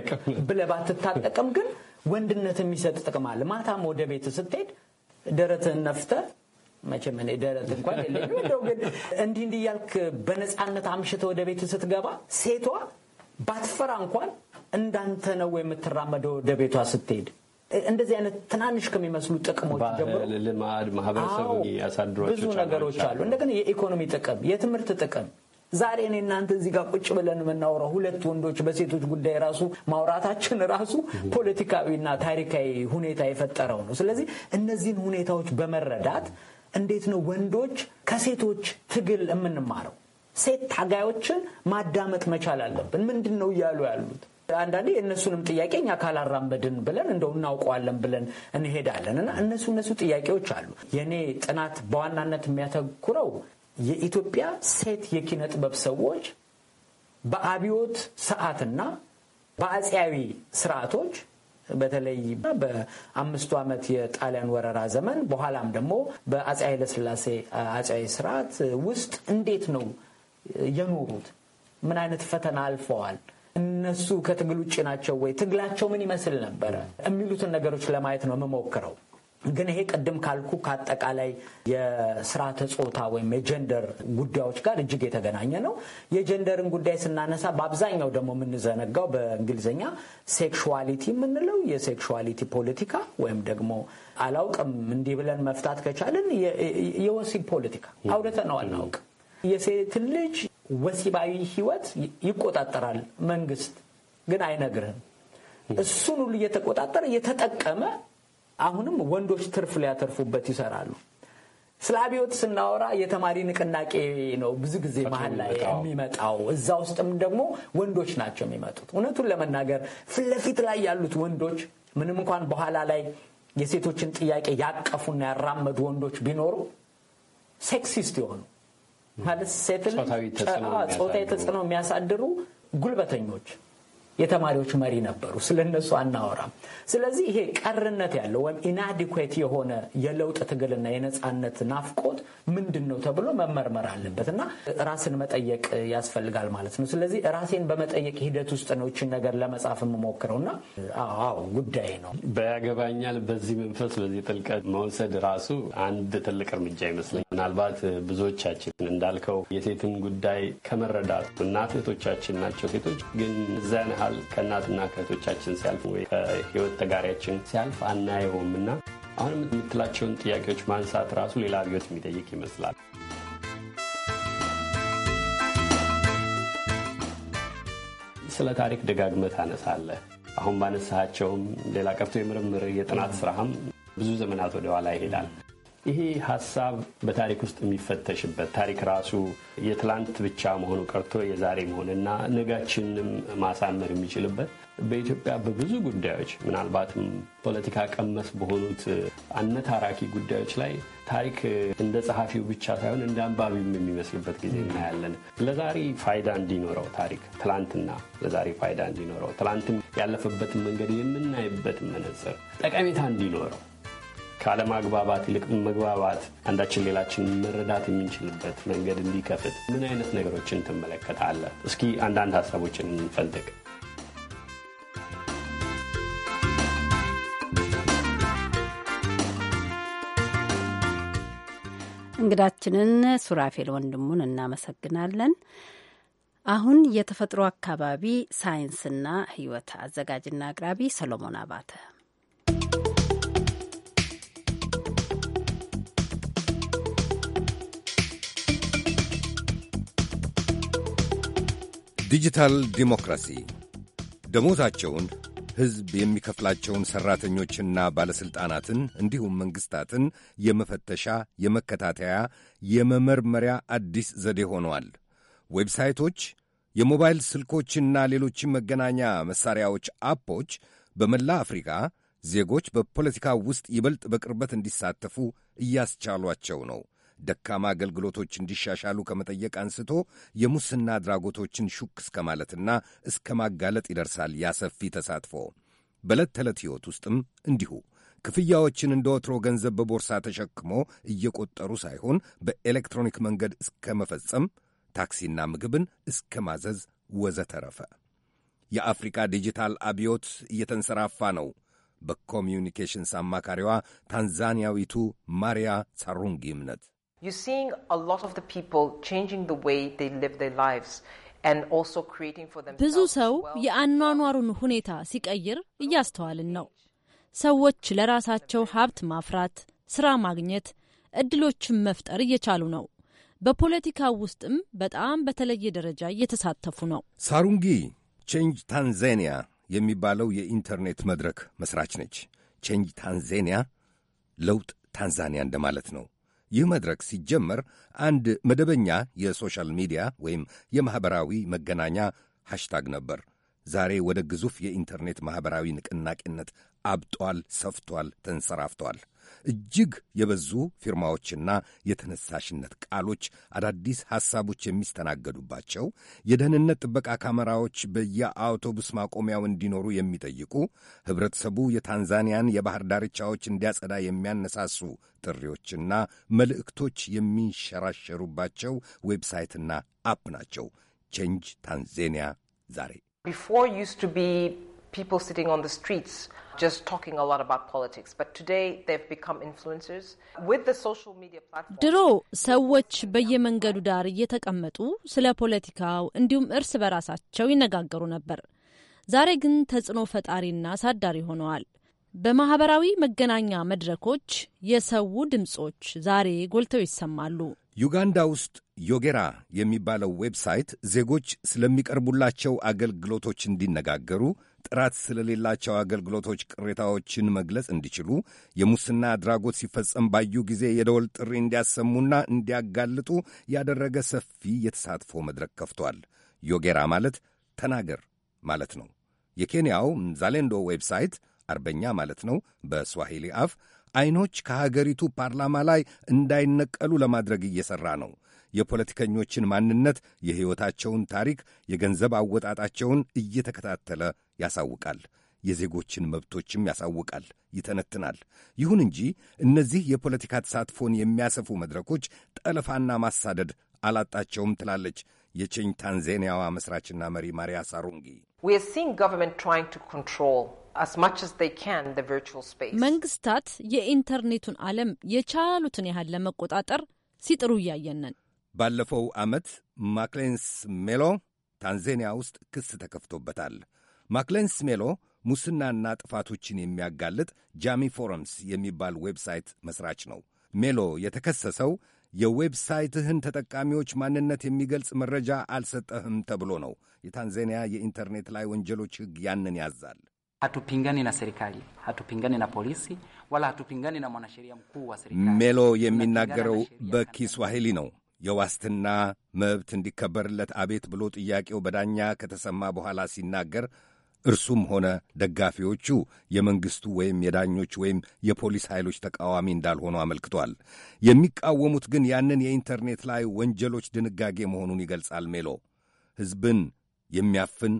ብለህ ባትታጠቅም ግን ወንድነት የሚሰጥ ጥቅም አለ። ማታም ወደ ቤት ስትሄድ ደረትህን ነፍተ መቼም እኔ ደረት እንኳን የለኝም እንደው ግን እንዲህ እንዲህ እያልክ በነፃነት አምሽተ ወደ ቤት ስትገባ ሴቷ ባትፈራ እንኳን እንዳንተ ነው የምትራመደው ወደ ቤቷ ስትሄድ እንደዚህ አይነት ትናንሽ ከሚመስሉ ጥቅሞች ጀምሮ ልማድ ማህበረሰቡ ያሳድሯቸው ብዙ ነገሮች አሉ። እንደገና የኢኮኖሚ ጥቅም፣ የትምህርት ጥቅም ዛሬ እኔ እናንተ እዚህ ጋር ቁጭ ብለን የምናወራው ሁለት ወንዶች በሴቶች ጉዳይ ራሱ ማውራታችን ራሱ ፖለቲካዊና ታሪካዊ ሁኔታ የፈጠረው ነው። ስለዚህ እነዚህን ሁኔታዎች በመረዳት እንዴት ነው ወንዶች ከሴቶች ትግል የምንማረው? ሴት ታጋዮችን ማዳመጥ መቻል አለብን። ምንድን ነው እያሉ ያሉት? አንዳንዴ የእነሱንም ጥያቄ እኛ ካላራመድን ብለን እንደው እናውቀዋለን ብለን እንሄዳለን እና እነሱ እነሱ ጥያቄዎች አሉ። የእኔ ጥናት በዋናነት የሚያተኩረው የኢትዮጵያ ሴት የኪነ ጥበብ ሰዎች በአብዮት ሰዓትና በአጼያዊ ስርዓቶች በተለይ በአምስቱ ዓመት የጣሊያን ወረራ ዘመን በኋላም ደግሞ በአጼ ኃይለስላሴ አፄያዊ ስርዓት ውስጥ እንዴት ነው የኖሩት? ምን አይነት ፈተና አልፈዋል? እነሱ ከትግል ውጭ ናቸው ወይ? ትግላቸው ምን ይመስል ነበረ? የሚሉትን ነገሮች ለማየት ነው የምሞክረው። ግን ይሄ ቅድም ካልኩ ከአጠቃላይ የስርዓተ ጾታ ወይም የጀንደር ጉዳዮች ጋር እጅግ የተገናኘ ነው። የጀንደርን ጉዳይ ስናነሳ በአብዛኛው ደግሞ የምንዘነጋው በእንግሊዝኛ ሴክሹዋሊቲ የምንለው የሴክሹዋሊቲ ፖለቲካ ወይም ደግሞ አላውቅም እንዲህ ብለን መፍታት ከቻልን የወሲብ ፖለቲካ አውርተነው አናውቅ የሴት ልጅ ወሲባዊ ህይወት ይቆጣጠራል፣ መንግስት ግን አይነግርህም። እሱን ሁሉ እየተቆጣጠረ እየተጠቀመ አሁንም ወንዶች ትርፍ ሊያተርፉበት ይሰራሉ። ስለ አብዮት ስናወራ የተማሪ ንቅናቄ ነው ብዙ ጊዜ መሀል ላይ የሚመጣው። እዛ ውስጥም ደግሞ ወንዶች ናቸው የሚመጡት። እውነቱን ለመናገር ፊት ለፊት ላይ ያሉት ወንዶች ምንም እንኳን በኋላ ላይ የሴቶችን ጥያቄ ያቀፉና ያራመዱ ወንዶች ቢኖሩ ሴክሲስት የሆኑ ማለት ሴትን ጾታዊ ተጽዕኖ የሚያሳድሩ ጉልበተኞች የተማሪዎች መሪ ነበሩ። ስለ እነሱ አናወራም። ስለዚህ ይሄ ቀርነት ያለው ወይም ኢናዲኩዌት የሆነ የለውጥ ትግልና የነፃነት ናፍቆት ምንድን ነው ተብሎ መመርመር አለበት እና ራስን መጠየቅ ያስፈልጋል ማለት ነው። ስለዚህ ራሴን በመጠየቅ ሂደት ውስጥ ነው ይችን ነገር ለመጻፍ የምሞክረው እና አዎ ጉዳይ ነው በያገባኛል። በዚህ መንፈስ በዚህ ጥልቀት መውሰድ ራሱ አንድ ትልቅ እርምጃ ይመስለኛል። ምናልባት ብዙዎቻችን እንዳልከው የሴትን ጉዳይ ከመረዳቱ እናት ናቸው። ሴቶች ግን ዘንሃ ብለሃል። ከእናትና ከእህቶቻችን ሲያልፍ ወይ ከህይወት ተጋሪያችን ሲያልፍ አናየውም እና አሁን የምትላቸውን ጥያቄዎች ማንሳት ራሱ ሌላ አብዮት የሚጠይቅ ይመስላል። ስለ ታሪክ ደጋግመህ ታነሳለህ። አሁን ባነሳቸውም ሌላ ቀርቶ የምርምር የጥናት ስራህም ብዙ ዘመናት ወደኋላ ይሄዳል። ይሄ ሀሳብ በታሪክ ውስጥ የሚፈተሽበት ታሪክ ራሱ የትላንት ብቻ መሆኑ ቀርቶ የዛሬ መሆንና ነጋችንንም ማሳመር የሚችልበት በኢትዮጵያ በብዙ ጉዳዮች ምናልባትም ፖለቲካ ቀመስ በሆኑት አነታራኪ ጉዳዮች ላይ ታሪክ እንደ ጸሐፊው ብቻ ሳይሆን እንደ አንባቢም የሚመስልበት ጊዜ እናያለን። ለዛሬ ፋይዳ እንዲኖረው ታሪክ ትላንትና ለዛሬ ፋይዳ እንዲኖረው ትላንትም ያለፈበትን መንገድ የምናይበት መነጽር ጠቀሜታ እንዲኖረው ከአለማግባባት ይልቅ መግባባት፣ አንዳችን ሌላችን መረዳት የምንችልበት መንገድ እንዲከፍት ምን አይነት ነገሮችን ትመለከታለህ? እስኪ አንዳንድ ሀሳቦችን እንፈልግ። እንግዳችንን ሱራፌል ወንድሙን እናመሰግናለን። አሁን የተፈጥሮ አካባቢ ሳይንስና ሕይወት አዘጋጅና አቅራቢ ሰሎሞን አባተ ዲጂታል ዲሞክራሲ ደሞዛቸውን ሕዝብ የሚከፍላቸውን ሠራተኞችና ባለሥልጣናትን እንዲሁም መንግሥታትን የመፈተሻ፣ የመከታተያ፣ የመመርመሪያ አዲስ ዘዴ ሆነዋል። ዌብሳይቶች፣ የሞባይል ስልኮችና ሌሎችም መገናኛ መሣሪያዎች አፖች በመላ አፍሪካ ዜጎች በፖለቲካ ውስጥ ይበልጥ በቅርበት እንዲሳተፉ እያስቻሏቸው ነው። ደካማ አገልግሎቶች እንዲሻሻሉ ከመጠየቅ አንስቶ የሙስና አድራጎቶችን ሹክ እስከ ማለትና እስከ ማጋለጥ ይደርሳል። ያሰፊ ተሳትፎ በዕለት ተዕለት ሕይወት ውስጥም እንዲሁ ክፍያዎችን እንደ ወትሮ ገንዘብ በቦርሳ ተሸክሞ እየቆጠሩ ሳይሆን በኤሌክትሮኒክ መንገድ እስከ መፈጸም፣ ታክሲና ምግብን እስከ ማዘዝ ወዘተረፈ። የአፍሪካ ዲጂታል አብዮት እየተንሰራፋ ነው። በኮሚዩኒኬሽንስ አማካሪዋ ታንዛኒያዊቱ ማሪያ ሳሩንጊ እምነት ብዙ ሰው የአኗኗሩን ሁኔታ ሲቀይር እያስተዋልን ነው። ሰዎች ለራሳቸው ሀብት ማፍራት፣ ስራ ማግኘት፣ እድሎችን መፍጠር እየቻሉ ነው። በፖለቲካው ውስጥም በጣም በተለየ ደረጃ እየተሳተፉ ነው። ሳሩንጊ ቼንጅ ታንዛኒያ የሚባለው የኢንተርኔት መድረክ መስራች ነች። ቼንጅ ታንዛኒያ ለውጥ ታንዛኒያ እንደማለት ነው። ይህ መድረክ ሲጀመር አንድ መደበኛ የሶሻል ሚዲያ ወይም የማኅበራዊ መገናኛ ሃሽታግ ነበር። ዛሬ ወደ ግዙፍ የኢንተርኔት ማኅበራዊ ንቅናቄነት አብጧል፣ ሰፍቷል፣ ተንሰራፍቷል። እጅግ የበዙ ፊርማዎችና የተነሳሽነት ቃሎች፣ አዳዲስ ሐሳቦች የሚስተናገዱባቸው የደህንነት ጥበቃ ካሜራዎች በየአውቶቡስ ማቆሚያው እንዲኖሩ የሚጠይቁ ኅብረተሰቡ የታንዛኒያን የባህር ዳርቻዎች እንዲያጸዳ የሚያነሳሱ ጥሪዎችና መልእክቶች የሚንሸራሸሩባቸው ዌብሳይትና አፕ ናቸው ቼንጅ ታንዛኒያ ዛሬ Before used to be people sitting on the streets just talking a lot about politics, but today they've become influencers with the social media platform. ድሮ ሰዎች በየመንገዱ ዳር እየተቀመጡ ስለ ፖለቲካው እንዲሁም እርስ በራሳቸው ይነጋገሩ ነበር። ዛሬ ግን ተጽዕኖ ፈጣሪና አሳዳሪ ሆነዋል። በማህበራዊ መገናኛ መድረኮች የሰው ድምጾች ዛሬ ጎልተው ይሰማሉ። ዩጋንዳ ውስጥ ዮጌራ የሚባለው ዌብሳይት ዜጎች ስለሚቀርቡላቸው አገልግሎቶች እንዲነጋገሩ፣ ጥራት ስለሌላቸው አገልግሎቶች ቅሬታዎችን መግለጽ እንዲችሉ፣ የሙስና አድራጎት ሲፈጸም ባዩ ጊዜ የደወል ጥሪ እንዲያሰሙና እንዲያጋልጡ ያደረገ ሰፊ የተሳትፎ መድረክ ከፍቷል። ዮጌራ ማለት ተናገር ማለት ነው። የኬንያው ዛሌንዶ ዌብሳይት አርበኛ ማለት ነው በስዋሂሊ አፍ አይኖች ከሀገሪቱ ፓርላማ ላይ እንዳይነቀሉ ለማድረግ እየሠራ ነው። የፖለቲከኞችን ማንነት፣ የሕይወታቸውን ታሪክ፣ የገንዘብ አወጣጣቸውን እየተከታተለ ያሳውቃል። የዜጎችን መብቶችም ያሳውቃል፣ ይተነትናል። ይሁን እንጂ እነዚህ የፖለቲካ ተሳትፎን የሚያሰፉ መድረኮች ጠለፋና ማሳደድ አላጣቸውም ትላለች የቼኝ ታንዛኒያዋ መስራችና መሪ ማሪያ ሳሩንጊ መንግስታት የኢንተርኔቱን ዓለም የቻሉትን ያህል ለመቆጣጠር ሲጥሩ እያየነን። ባለፈው ዓመት ማክሌንስ ሜሎ ታንዛኒያ ውስጥ ክስ ተከፍቶበታል። ማክሌንስ ሜሎ ሙስናና ጥፋቶችን የሚያጋልጥ ጃሚ ፎረምስ የሚባል ዌብሳይት መስራች ነው። ሜሎ የተከሰሰው የዌብሳይትህን ተጠቃሚዎች ማንነት የሚገልጽ መረጃ አልሰጠህም ተብሎ ነው። የታንዛኒያ የኢንተርኔት ላይ ወንጀሎች ሕግ ያንን ያዛል። Hatupingani na serikali, hatupingani na polisi, wala hatupingani na mwanasheria mkuu wa serikali. Melo የሚናገረው በኪስዋሂሊ ነው። የዋስትና መብት እንዲከበርለት አቤት ብሎ ጥያቄው በዳኛ ከተሰማ በኋላ ሲናገር እርሱም ሆነ ደጋፊዎቹ የመንግሥቱ ወይም የዳኞች ወይም የፖሊስ ኃይሎች ተቃዋሚ እንዳልሆኑ አመልክቷል። የሚቃወሙት ግን ያንን የኢንተርኔት ላይ ወንጀሎች ድንጋጌ መሆኑን ይገልጻል ሜሎ። ሕዝብን የሚያፍን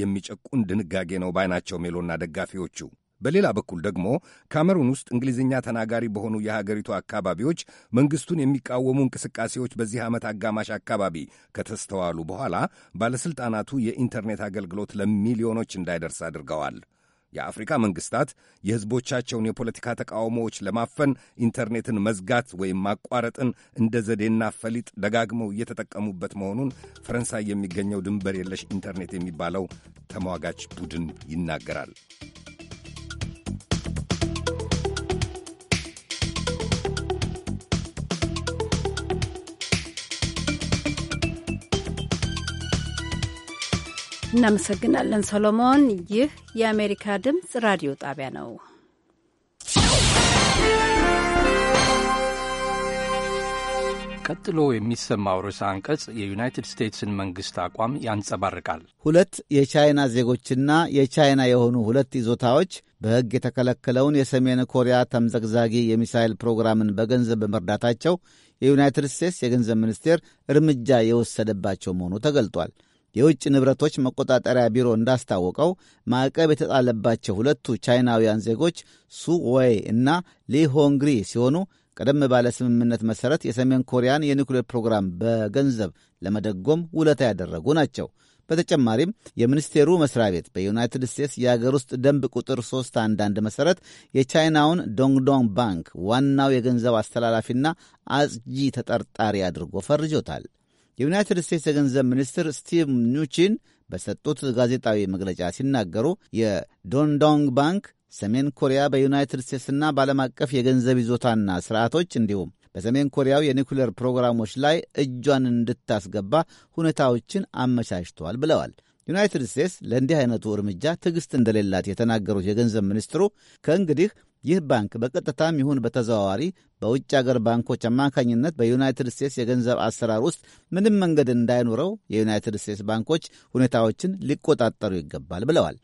የሚጨቁን ድንጋጌ ነው ባይ ናቸው ሜሎና ደጋፊዎቹ። በሌላ በኩል ደግሞ ካሜሩን ውስጥ እንግሊዝኛ ተናጋሪ በሆኑ የሀገሪቱ አካባቢዎች መንግስቱን የሚቃወሙ እንቅስቃሴዎች በዚህ ዓመት አጋማሽ አካባቢ ከተስተዋሉ በኋላ ባለሥልጣናቱ የኢንተርኔት አገልግሎት ለሚሊዮኖች እንዳይደርስ አድርገዋል። የአፍሪካ መንግስታት የሕዝቦቻቸውን የፖለቲካ ተቃውሞዎች ለማፈን ኢንተርኔትን መዝጋት ወይም ማቋረጥን እንደ ዘዴና ፈሊጥ ደጋግመው እየተጠቀሙበት መሆኑን ፈረንሳይ የሚገኘው ድንበር የለሽ ኢንተርኔት የሚባለው ተሟጋች ቡድን ይናገራል። እናመሰግናለን ሰሎሞን። ይህ የአሜሪካ ድምፅ ራዲዮ ጣቢያ ነው። ቀጥሎ የሚሰማው ርዕሰ አንቀጽ የዩናይትድ ስቴትስን መንግሥት አቋም ያንጸባርቃል። ሁለት የቻይና ዜጎችና የቻይና የሆኑ ሁለት ይዞታዎች በሕግ የተከለከለውን የሰሜን ኮሪያ ተምዘግዛጊ የሚሳይል ፕሮግራምን በገንዘብ በመርዳታቸው የዩናይትድ ስቴትስ የገንዘብ ሚኒስቴር እርምጃ የወሰደባቸው መሆኑ ተገልጧል። የውጭ ንብረቶች መቆጣጠሪያ ቢሮ እንዳስታወቀው ማዕቀብ የተጣለባቸው ሁለቱ ቻይናውያን ዜጎች ወይ እና ሊሆንግሪ ሲሆኑ ቀደም ባለ ስምምነት መሠረት የሰሜን ኮሪያን የኒኩሌር ፕሮግራም በገንዘብ ለመደጎም ውለታ ያደረጉ ናቸው። በተጨማሪም የሚኒስቴሩ መስሪያ ቤት በዩናይትድ ስቴትስ የአገር ውስጥ ደንብ ቁጥር 3 አንዳንድ መሠረት የቻይናውን ዶንግዶንግ ባንክ ዋናው የገንዘብ አስተላላፊና አጽጂ ተጠርጣሪ አድርጎ ፈርጆታል። የዩናይትድ ስቴትስ የገንዘብ ሚኒስትር ስቲቭ ኑቺን በሰጡት ጋዜጣዊ መግለጫ ሲናገሩ የዶንዶንግ ባንክ ሰሜን ኮሪያ በዩናይትድ ስቴትስና በዓለም አቀፍ የገንዘብ ይዞታና ስርዓቶች እንዲሁም በሰሜን ኮሪያው የኒኩሌር ፕሮግራሞች ላይ እጇን እንድታስገባ ሁኔታዎችን አመቻችተዋል ብለዋል። ዩናይትድ ስቴትስ ለእንዲህ አይነቱ እርምጃ ትዕግሥት እንደሌላት የተናገሩት የገንዘብ ሚኒስትሩ ከእንግዲህ ይህ ባንክ በቀጥታም ይሁን በተዘዋዋሪ በውጭ አገር ባንኮች አማካኝነት በዩናይትድ ስቴትስ የገንዘብ አሰራር ውስጥ ምንም መንገድ እንዳይኖረው የዩናይትድ ስቴትስ ባንኮች ሁኔታዎችን ሊቆጣጠሩ ይገባል ብለዋል።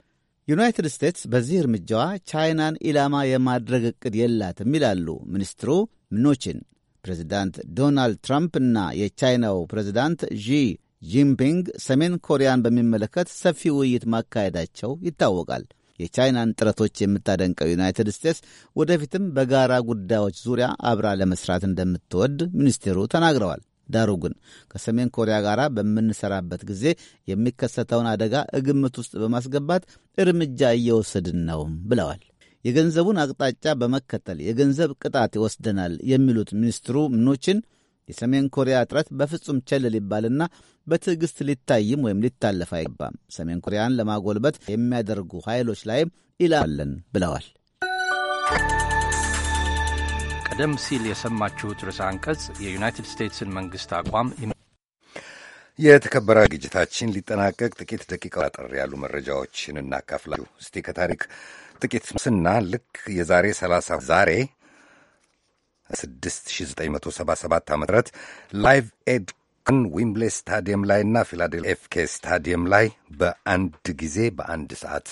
ዩናይትድ ስቴትስ በዚህ እርምጃዋ ቻይናን ኢላማ የማድረግ እቅድ የላትም ይላሉ ሚኒስትሩ ምኖችን። ፕሬዚዳንት ዶናልድ ትራምፕ እና የቻይናው ፕሬዚዳንት ዢ ጂንፒንግ ሰሜን ኮሪያን በሚመለከት ሰፊ ውይይት ማካሄዳቸው ይታወቃል። የቻይናን ጥረቶች የምታደንቀው ዩናይትድ ስቴትስ ወደፊትም በጋራ ጉዳዮች ዙሪያ አብራ ለመስራት እንደምትወድ ሚኒስቴሩ ተናግረዋል። ዳሩ ግን ከሰሜን ኮሪያ ጋር በምንሰራበት ጊዜ የሚከሰተውን አደጋ እግምት ውስጥ በማስገባት እርምጃ እየወሰድን ነው ብለዋል። የገንዘቡን አቅጣጫ በመከተል የገንዘብ ቅጣት ይወስደናል የሚሉት ሚኒስትሩ ምኖችን የሰሜን ኮሪያ ጥረት በፍጹም ቸል ሊባልና በትዕግሥት ሊታይም ወይም ሊታለፍ አይገባም። ሰሜን ኮሪያን ለማጎልበት የሚያደርጉ ኃይሎች ላይም ኢላለን ብለዋል። ቀደም ሲል የሰማችሁት ርዕሰ አንቀጽ የዩናይትድ ስቴትስን መንግሥት አቋም የተከበረ ዝግጅታችን ሊጠናቀቅ ጥቂት ደቂቃ ጠር ያሉ መረጃዎችን እናካፍላችሁ። እስቲ ከታሪክ ጥቂት ስና ልክ የዛሬ ሰላሳ ዛሬ 6977 ዓ ም ላይቭ ኤድ ቀን ዊምብሌ ስታዲየም ላይ እና ፊላዴልፍኬ ስታዲየም ላይ በአንድ ጊዜ በአንድ ሰዓት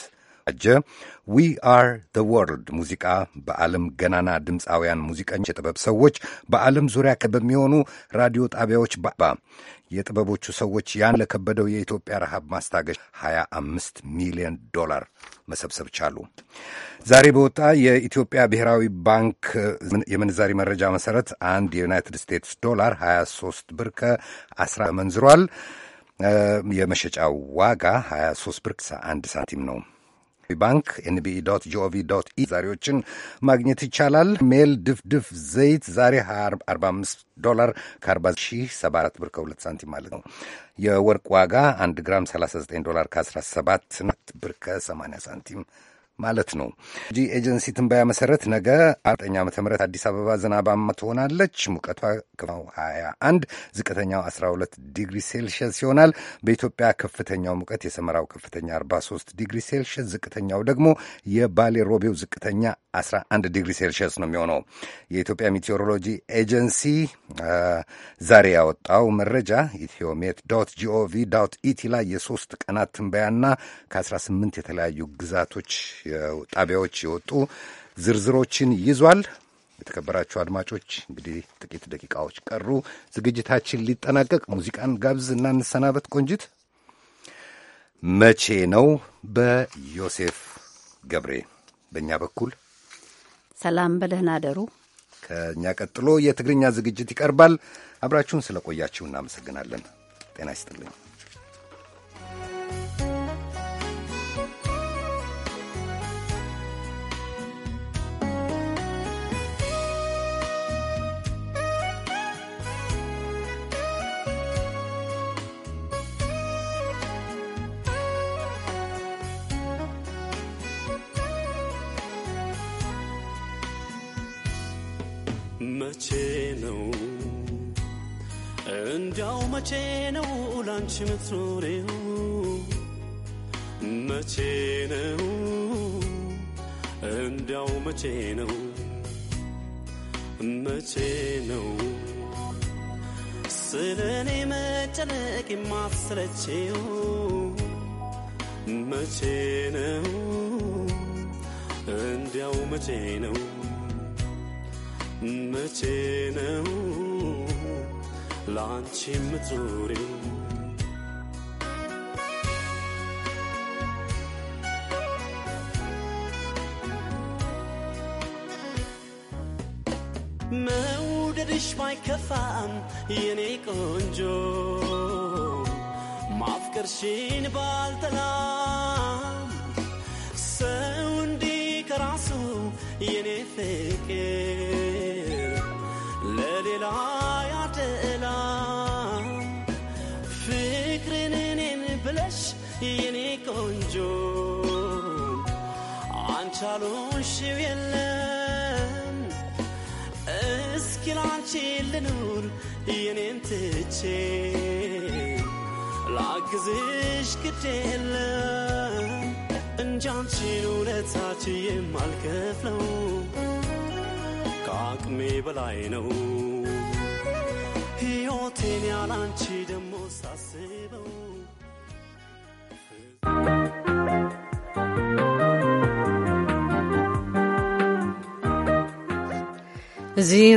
የተዘጋጀ ዊ አር ዘ ወርልድ ሙዚቃ በዓለም ገናና ድምፃውያን ሙዚቀኞች፣ የጥበብ ሰዎች በዓለም ዙሪያ በሚሆኑ ራዲዮ ጣቢያዎች ባባ የጥበቦቹ ሰዎች ያን ለከበደው የኢትዮጵያ ረሃብ ማስታገሻ 25 ሚሊዮን ዶላር መሰብሰብ ቻሉ። ዛሬ በወጣ የኢትዮጵያ ብሔራዊ ባንክ የምንዛሪ መረጃ መሰረት አንድ የዩናይትድ ስቴትስ ዶላር 23 ብር ከ10 መንዝሯል። የመሸጫው ዋጋ 23 ብር ከ1 ሳንቲም ነው። ባንክ ኤንቢኢ ጂኦቪ ኢኢ ዛሬዎችን ማግኘት ይቻላል። ሜል ድፍድፍ ዘይት ዛሬ 45 ዶላር ከ4074 ብር ከ2 ሳንቲም ማለት ነው። የወርቅ ዋጋ 1 ግራም 39 ዶላር ከ17 ብር ከ80 ሳንቲም ማለት ነው። ጂ ኤጀንሲ ትንበያ መሰረት ነገ አራተኛ ዓመተ ምህረት አዲስ አበባ ዝናባማ ትሆናለች። ሙቀቷ ከፋው 21 ዝቅተኛው 12 ዲግሪ ሴልሽየስ ይሆናል። በኢትዮጵያ ከፍተኛው ሙቀት የሰመራው ከፍተኛ 43 ዲግሪ ሴልሽየስ፣ ዝቅተኛው ደግሞ የባሌ ሮቤው ዝቅተኛ 11 ዲግሪ ሴልሽየስ ነው የሚሆነው። የኢትዮጵያ ሜቴዎሮሎጂ ኤጀንሲ ዛሬ ያወጣው መረጃ ኢትዮሜት ዶት ጂኦቪ ዶት ኢቲ ላይ የሶስት ቀናት ትንበያና ከ18 የተለያዩ ግዛቶች ጣቢያዎች የወጡ ዝርዝሮችን ይዟል። የተከበራችሁ አድማጮች እንግዲህ ጥቂት ደቂቃዎች ቀሩ፣ ዝግጅታችን ሊጠናቀቅ ሙዚቃን ጋብዝ እና እንሰናበት። ቆንጅት መቼ ነው በዮሴፍ ገብሬ። በእኛ በኩል ሰላም፣ በደህና አደሩ። ከእኛ ቀጥሎ የትግርኛ ዝግጅት ይቀርባል። አብራችሁን ቆያችሁ እናመሰግናለን። ጤና ይስጥልኝ። መቼ ነው እንዲያው መቼ ነው ላንቺ ምትኖሬው መቼ ነው እንዲያው መቼ ነው መቼ ነው ስለ እኔ መጨነቅ የማትሰለቼው መቼ ነው እንዲያው መቼ ነው መቼ ነው ለአንቺ የምትዞሪው? መውደድሽ ባይከፋም የኔ ቆንጆ ማፍቀርሽን ባልጠላም ሰው እንዲህ ከራሱ የኔ ፍቅር የኔ ቆንጆ አንቻሉሽው የለም እስኪ ላንቺ ልኑር የኔን ትቼ ላግዝሽ ግድ የለም እንጂ አንቺን ውለታች የማልከፍለው ከአቅሜ በላይ ነው ሕይወቴን ያላንቺ ደግሞ ሳስበው زيرو